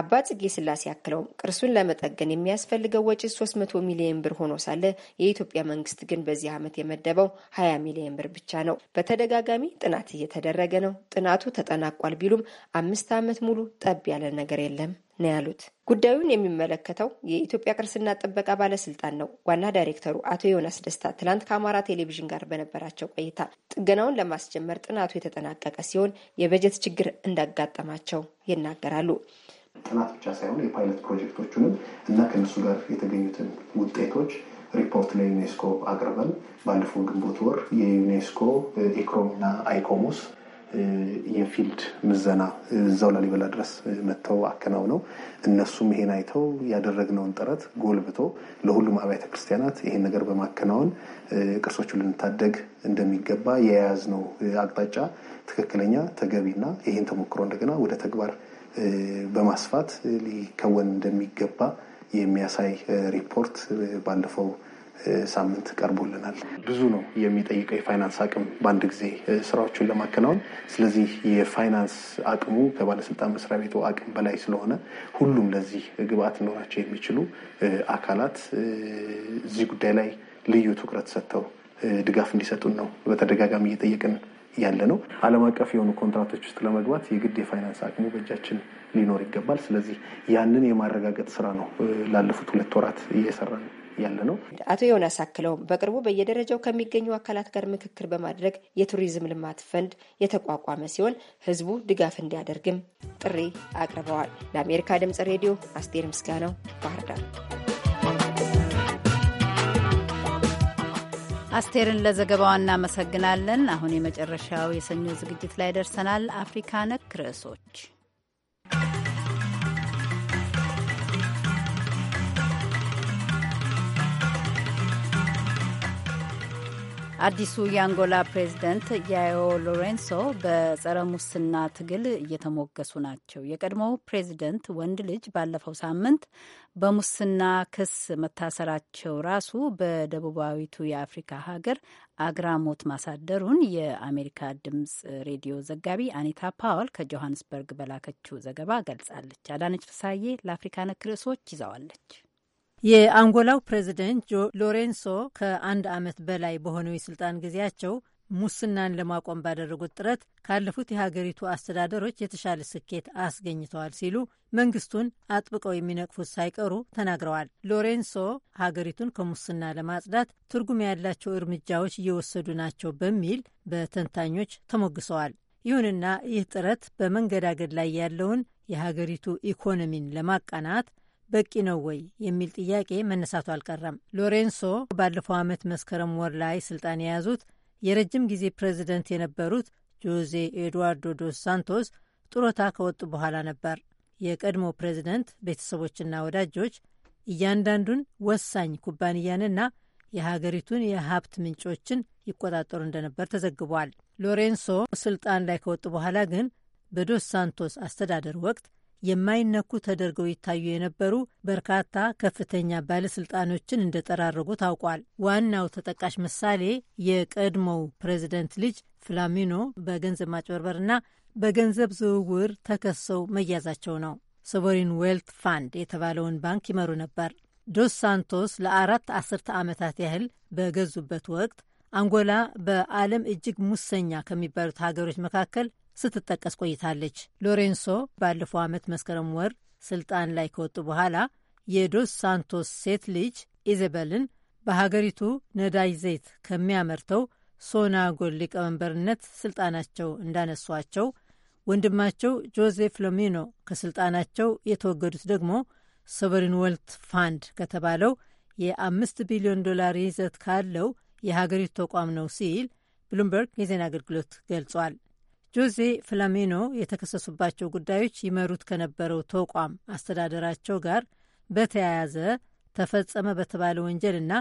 አባ ጽጌ ስላሴ አክለውም ቅርሱን ለመጠገን የሚያስፈልገው ወጪ ሶስት መቶ ሚሊዮን ብር ሆኖ ሳለ የኢትዮጵያ መንግስት ግን በዚህ ዓመት የመደበው ሀያ ሚሊዮን ብር ብቻ ነው። በተደጋጋሚ ጥናት እየተደረገ ነው። ጥናቱ ተጠናቋል ቢሉም አምስት ዓመት ሙሉ ጠብ ያለ ነገር የለም ነው ያሉት። ጉዳዩን የሚመለከተው የኢትዮጵያ ቅርስና ጥበቃ ባለስልጣን ነው። ዋና ዳይሬክተሩ አቶ ዮናስ ደስታ ትናንት ከአማራ ቴሌቪዥን ጋር በነበራቸው ቆይታ ጥገናውን ለማስጀመር ጥናቱ የተጠናቀቀ ሲሆን የበጀት ችግር እንዳጋጠማቸው ይናገራሉ። ጥናት ብቻ ሳይሆን የፓይለት ፕሮጀክቶቹንም እና ከነሱ ጋር የተገኙትን ውጤቶች ሪፖርት ለዩኔስኮ አቅርበን ባለፈው ግንቦት ወር የዩኔስኮ ኢክሮም እና አይኮሞስ የፊልድ ምዘና እዛው ላሊበላ ድረስ መጥተው አከናውነው እነሱም ይሄን አይተው ያደረግነውን ጥረት ጎልብቶ ለሁሉም አብያተ ክርስቲያናት ይሄን ነገር በማከናወን ቅርሶቹን ልንታደግ እንደሚገባ የያዝነው አቅጣጫ ትክክለኛ ተገቢና ይህን ተሞክሮ እንደገና ወደ ተግባር በማስፋት ሊከወን እንደሚገባ የሚያሳይ ሪፖርት ባለፈው ሳምንት ቀርቦልናል። ብዙ ነው የሚጠይቀው የፋይናንስ አቅም በአንድ ጊዜ ስራዎቹን ለማከናወን። ስለዚህ የፋይናንስ አቅሙ ከባለስልጣን መስሪያ ቤቱ አቅም በላይ ስለሆነ ሁሉም ለዚህ ግብአት ሊኖራቸው የሚችሉ አካላት እዚህ ጉዳይ ላይ ልዩ ትኩረት ሰጥተው ድጋፍ እንዲሰጡን ነው በተደጋጋሚ እየጠየቅን ያለ ነው። ዓለም አቀፍ የሆኑ ኮንትራክቶች ውስጥ ለመግባት የግድ የፋይናንስ አቅሙ በእጃችን ሊኖር ይገባል። ስለዚህ ያንን የማረጋገጥ ስራ ነው ላለፉት ሁለት ወራት እየሰራ ነው። ያለ ነው። አቶ ዮናስ አክለውም በቅርቡ በየደረጃው ከሚገኙ አካላት ጋር ምክክር በማድረግ የቱሪዝም ልማት ፈንድ የተቋቋመ ሲሆን ህዝቡ ድጋፍ እንዲያደርግም ጥሪ አቅርበዋል። ለአሜሪካ ድምጽ ሬዲዮ አስቴር ምስጋናው ባህርዳር አስቴርን ለዘገባዋ እናመሰግናለን። አሁን የመጨረሻው የሰኞ ዝግጅት ላይ ደርሰናል። አፍሪካ ነክ ርዕሶች አዲሱ የአንጎላ ፕሬዝደንት ያዮ ሎሬንሶ በጸረ ሙስና ትግል እየተሞገሱ ናቸው። የቀድሞው ፕሬዝደንት ወንድ ልጅ ባለፈው ሳምንት በሙስና ክስ መታሰራቸው ራሱ በደቡባዊቱ የአፍሪካ ሀገር አግራሞት ማሳደሩን የአሜሪካ ድምጽ ሬዲዮ ዘጋቢ አኒታ ፓወል ከጆሃንስበርግ በላከችው ዘገባ ገልጻለች። አዳነች ፍሳዬ ለአፍሪካ ነክ ርዕሶች ይዘዋለች። የአንጎላው ፕሬዚደንት ጆ ሎሬንሶ ከአንድ ዓመት በላይ በሆነው የስልጣን ጊዜያቸው ሙስናን ለማቆም ባደረጉት ጥረት ካለፉት የሀገሪቱ አስተዳደሮች የተሻለ ስኬት አስገኝተዋል ሲሉ መንግስቱን አጥብቀው የሚነቅፉት ሳይቀሩ ተናግረዋል። ሎሬንሶ ሀገሪቱን ከሙስና ለማጽዳት ትርጉም ያላቸው እርምጃዎች እየወሰዱ ናቸው በሚል በተንታኞች ተሞግሰዋል። ይሁንና ይህ ጥረት በመንገዳገድ ላይ ያለውን የሀገሪቱ ኢኮኖሚን ለማቃናት በቂ ነው ወይ የሚል ጥያቄ መነሳቱ አልቀረም። ሎሬንሶ ባለፈው ዓመት መስከረም ወር ላይ ስልጣን የያዙት የረጅም ጊዜ ፕሬዚደንት የነበሩት ጆዜ ኤድዋርዶ ዶስ ሳንቶስ ጡረታ ከወጡ በኋላ ነበር። የቀድሞ ፕሬዚደንት ቤተሰቦችና ወዳጆች እያንዳንዱን ወሳኝ ኩባንያንና የሀገሪቱን የሀብት ምንጮችን ይቆጣጠሩ እንደነበር ተዘግቧል። ሎሬንሶ ስልጣን ላይ ከወጡ በኋላ ግን በዶስ ሳንቶስ አስተዳደር ወቅት የማይነኩ ተደርገው ይታዩ የነበሩ በርካታ ከፍተኛ ባለስልጣኖችን እንደጠራረጉ ታውቋል። ዋናው ተጠቃሽ ምሳሌ የቀድሞው ፕሬዚደንት ልጅ ፍላሚኖ በገንዘብ ማጭበርበርና በገንዘብ ዝውውር ተከሰው መያዛቸው ነው። ሶቨሪን ዌልት ፋንድ የተባለውን ባንክ ይመሩ ነበር። ዶስ ሳንቶስ ለአራት አስርተ ዓመታት ያህል በገዙበት ወቅት አንጎላ በዓለም እጅግ ሙሰኛ ከሚባሉት ሀገሮች መካከል ስትጠቀስ ቆይታለች። ሎሬንሶ ባለፈው ዓመት መስከረም ወር ስልጣን ላይ ከወጡ በኋላ የዶስ ሳንቶስ ሴት ልጅ ኢዘበልን በሀገሪቱ ነዳጅ ዘይት ከሚያመርተው ሶናጎል ሊቀመንበርነት ስልጣናቸው እንዳነሷቸው፣ ወንድማቸው ጆዜፍ ሎሚኖ ከስልጣናቸው የተወገዱት ደግሞ ሶቨሪን ወልት ፋንድ ከተባለው የአምስት ቢሊዮን ዶላር ይዘት ካለው የሀገሪቱ ተቋም ነው ሲል ብሉምበርግ የዜና አገልግሎት ገልጿል። ጆዜ ፍላሜኖ የተከሰሱባቸው ጉዳዮች ይመሩት ከነበረው ተቋም አስተዳደራቸው ጋር በተያያዘ ተፈጸመ በተባለ ወንጀልና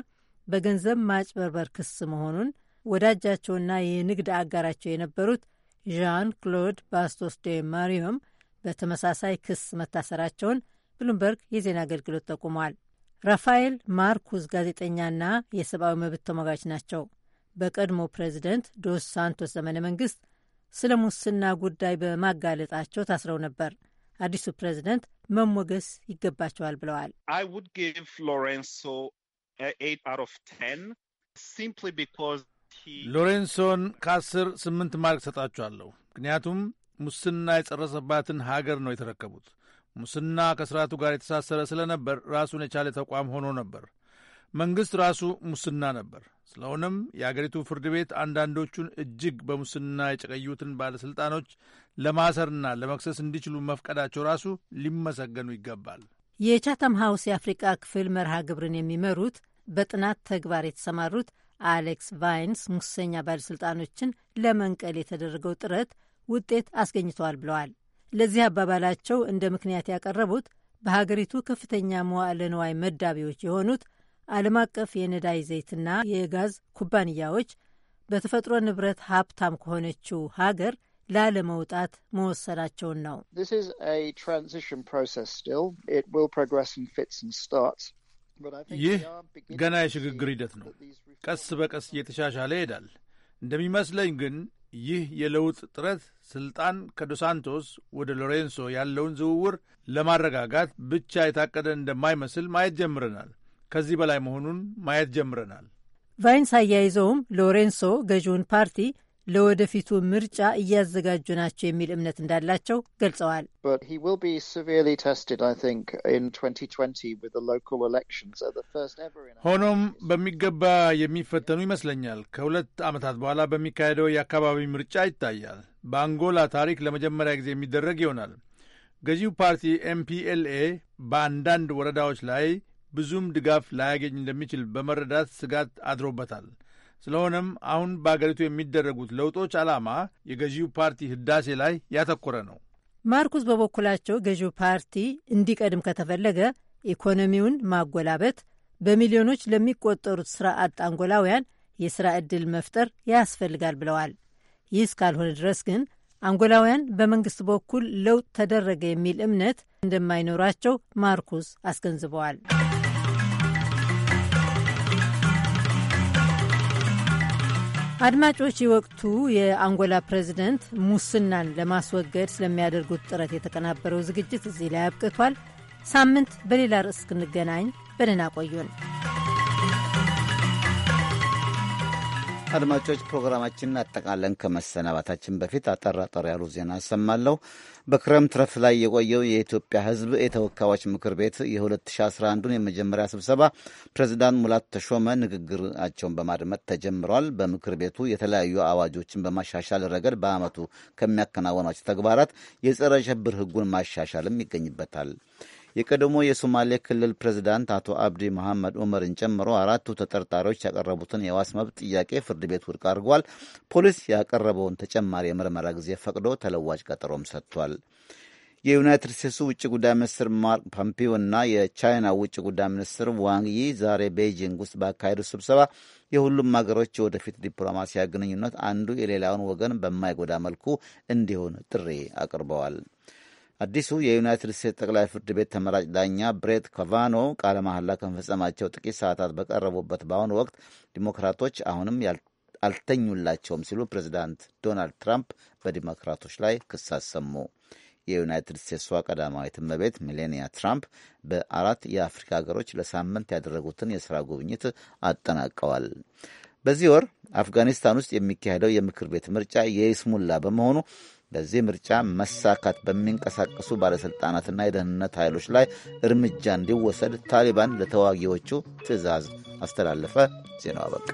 በገንዘብ ማጭበርበር ክስ መሆኑን ወዳጃቸውና የንግድ አጋራቸው የነበሩት ዣን ክሎድ ባስቶስ ዴ ማሪዮም በተመሳሳይ ክስ መታሰራቸውን ብሉምበርግ የዜና አገልግሎት ጠቁሟል። ራፋኤል ማርኩዝ ጋዜጠኛና የሰብአዊ መብት ተሟጋች ናቸው። በቀድሞ ፕሬዚደንት ዶስ ሳንቶስ ዘመነ መንግስት ስለ ሙስና ጉዳይ በማጋለጣቸው ታስረው ነበር። አዲሱ ፕሬዝደንት መሞገስ ይገባቸዋል ብለዋል። ሎሬንሶን ከአስር ስምንት ማርክ ሰጣችኋለሁ። ምክንያቱም ሙስና የጸረሰባትን ሀገር ነው የተረከቡት። ሙስና ከስርዓቱ ጋር የተሳሰረ ስለነበር ራሱን የቻለ ተቋም ሆኖ ነበር። መንግሥት ራሱ ሙስና ነበር። ስለሆነም የአገሪቱ ፍርድ ቤት አንዳንዶቹን እጅግ በሙስና የጨቀዩትን ባለሥልጣኖች ለማሰርና ለመክሰስ እንዲችሉ መፍቀዳቸው ራሱ ሊመሰገኑ ይገባል። የቻተም ሀውስ የአፍሪቃ ክፍል መርሃ ግብርን የሚመሩት በጥናት ተግባር የተሰማሩት አሌክስ ቫይንስ ሙሰኛ ባለሥልጣኖችን ለመንቀል የተደረገው ጥረት ውጤት አስገኝተዋል ብለዋል። ለዚህ አባባላቸው እንደ ምክንያት ያቀረቡት በሀገሪቱ ከፍተኛ መዋዕለ ንዋይ መዳቢዎች የሆኑት ዓለም አቀፍ የነዳጅ ዘይትና የጋዝ ኩባንያዎች በተፈጥሮ ንብረት ሀብታም ከሆነችው ሀገር ላለመውጣት መወሰናቸውን ነው። ይህ ገና የሽግግር ሂደት ነው። ቀስ በቀስ እየተሻሻለ ይሄዳል። እንደሚመስለኝ ግን ይህ የለውጥ ጥረት ስልጣን ከዶሳንቶስ ወደ ሎሬንሶ ያለውን ዝውውር ለማረጋጋት ብቻ የታቀደ እንደማይመስል ማየት ጀምረናል። ከዚህ በላይ መሆኑን ማየት ጀምረናል። ቫይንስ አያይዘውም ሎሬንሶ ገዢውን ፓርቲ ለወደፊቱ ምርጫ እያዘጋጁ ናቸው የሚል እምነት እንዳላቸው ገልጸዋል። ሆኖም በሚገባ የሚፈተኑ ይመስለኛል። ከሁለት ዓመታት በኋላ በሚካሄደው የአካባቢ ምርጫ ይታያል። በአንጎላ ታሪክ ለመጀመሪያ ጊዜ የሚደረግ ይሆናል። ገዢው ፓርቲ ኤምፒኤልኤ በአንዳንድ ወረዳዎች ላይ ብዙም ድጋፍ ላያገኝ እንደሚችል በመረዳት ስጋት አድሮበታል። ስለሆነም አሁን በአገሪቱ የሚደረጉት ለውጦች ዓላማ የገዢው ፓርቲ ህዳሴ ላይ ያተኮረ ነው። ማርኩስ በበኩላቸው ገዢው ፓርቲ እንዲቀድም ከተፈለገ ኢኮኖሚውን ማጎላበት፣ በሚሊዮኖች ለሚቆጠሩት ሥራ አጥ አንጎላውያን የሥራ ዕድል መፍጠር ያስፈልጋል ብለዋል። ይህ እስካልሆነ ድረስ ግን አንጎላውያን በመንግሥት በኩል ለውጥ ተደረገ የሚል እምነት እንደማይኖራቸው ማርኩስ አስገንዝበዋል። አድማጮች፣ የወቅቱ የአንጎላ ፕሬዚደንት ሙስናን ለማስወገድ ስለሚያደርጉት ጥረት የተቀናበረው ዝግጅት እዚህ ላይ አብቅቷል። ሳምንት በሌላ ርዕስ እስክንገናኝ በደህና ቆዩን። አድማጮች ፕሮግራማችንን አጠቃለን ከመሰናባታችን በፊት አጠር አጠር ያሉ ዜና አሰማለሁ። በክረምት ረፍት ላይ የቆየው የኢትዮጵያ ሕዝብ የተወካዮች ምክር ቤት የ2011ን የመጀመሪያ ስብሰባ ፕሬዚዳንት ሙላቱ ተሾመ ንግግራቸውን በማድመጥ ተጀምረዋል። በምክር ቤቱ የተለያዩ አዋጆችን በማሻሻል ረገድ በአመቱ ከሚያከናወኗቸው ተግባራት የጸረ ሽብር ሕጉን ማሻሻልም ይገኝበታል። የቀድሞ የሶማሌ ክልል ፕሬዚዳንት አቶ አብዲ መሐመድ ኡመርን ጨምሮ አራቱ ተጠርጣሪዎች ያቀረቡትን የዋስ መብት ጥያቄ ፍርድ ቤት ውድቅ አድርጓል። ፖሊስ ያቀረበውን ተጨማሪ የምርመራ ጊዜ ፈቅዶ ተለዋጭ ቀጠሮም ሰጥቷል። የዩናይትድ ስቴትሱ ውጭ ጉዳይ ሚኒስትር ማርክ ፖምፒዮ እና የቻይና ውጭ ጉዳይ ሚኒስትር ዋንግ ይ ዛሬ ቤይጂንግ ውስጥ ባካሄዱ ስብሰባ የሁሉም ሀገሮች የወደፊት ዲፕሎማሲያ ግንኙነት አንዱ የሌላውን ወገን በማይጎዳ መልኩ እንዲሆን ጥሪ አቅርበዋል። አዲሱ የዩናይትድ ስቴትስ ጠቅላይ ፍርድ ቤት ተመራጭ ዳኛ ብሬት ካቫኖ ቃለ መሐላ ከመፈጸማቸው ጥቂት ሰዓታት በቀረቡበት በአሁኑ ወቅት ዲሞክራቶች አሁንም አልተኙላቸውም ሲሉ ፕሬዚዳንት ዶናልድ ትራምፕ በዲሞክራቶች ላይ ክስ አሰሙ። የዩናይትድ ስቴትሷ ቀዳማዊት እመቤት ሚሌኒያ ትራምፕ በአራት የአፍሪካ ሀገሮች ለሳምንት ያደረጉትን የሥራ ጉብኝት አጠናቀዋል። በዚህ ወር አፍጋኒስታን ውስጥ የሚካሄደው የምክር ቤት ምርጫ የይስሙላ በመሆኑ በዚህ ምርጫ መሳካት በሚንቀሳቀሱ ባለሥልጣናትና የደህንነት ኃይሎች ላይ እርምጃ እንዲወሰድ ታሊባን ለተዋጊዎቹ ትዕዛዝ አስተላለፈ። ዜናው አበቃ።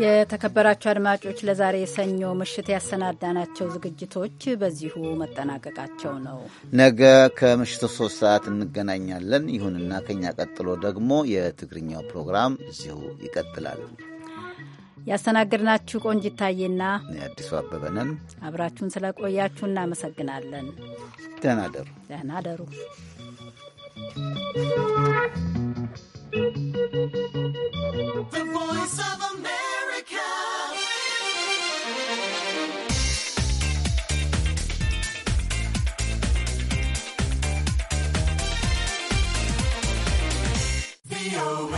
የተከበራቸው አድማጮች ለዛሬ የሰኞ ምሽት ያሰናዳናቸው ዝግጅቶች በዚሁ መጠናቀቃቸው ነው። ነገ ከምሽቱ ሶስት ሰዓት እንገናኛለን። ይሁንና ከኛ ቀጥሎ ደግሞ የትግርኛው ፕሮግራም እዚሁ ይቀጥላል። ያስተናግድናችሁ ቆንጅ ታዬና አዲሱ አበበ አብራችሁን ስለቆያችሁ እናመሰግናለን። ደህና ደሩ፣ ደህና ደሩ። The voice of Radio.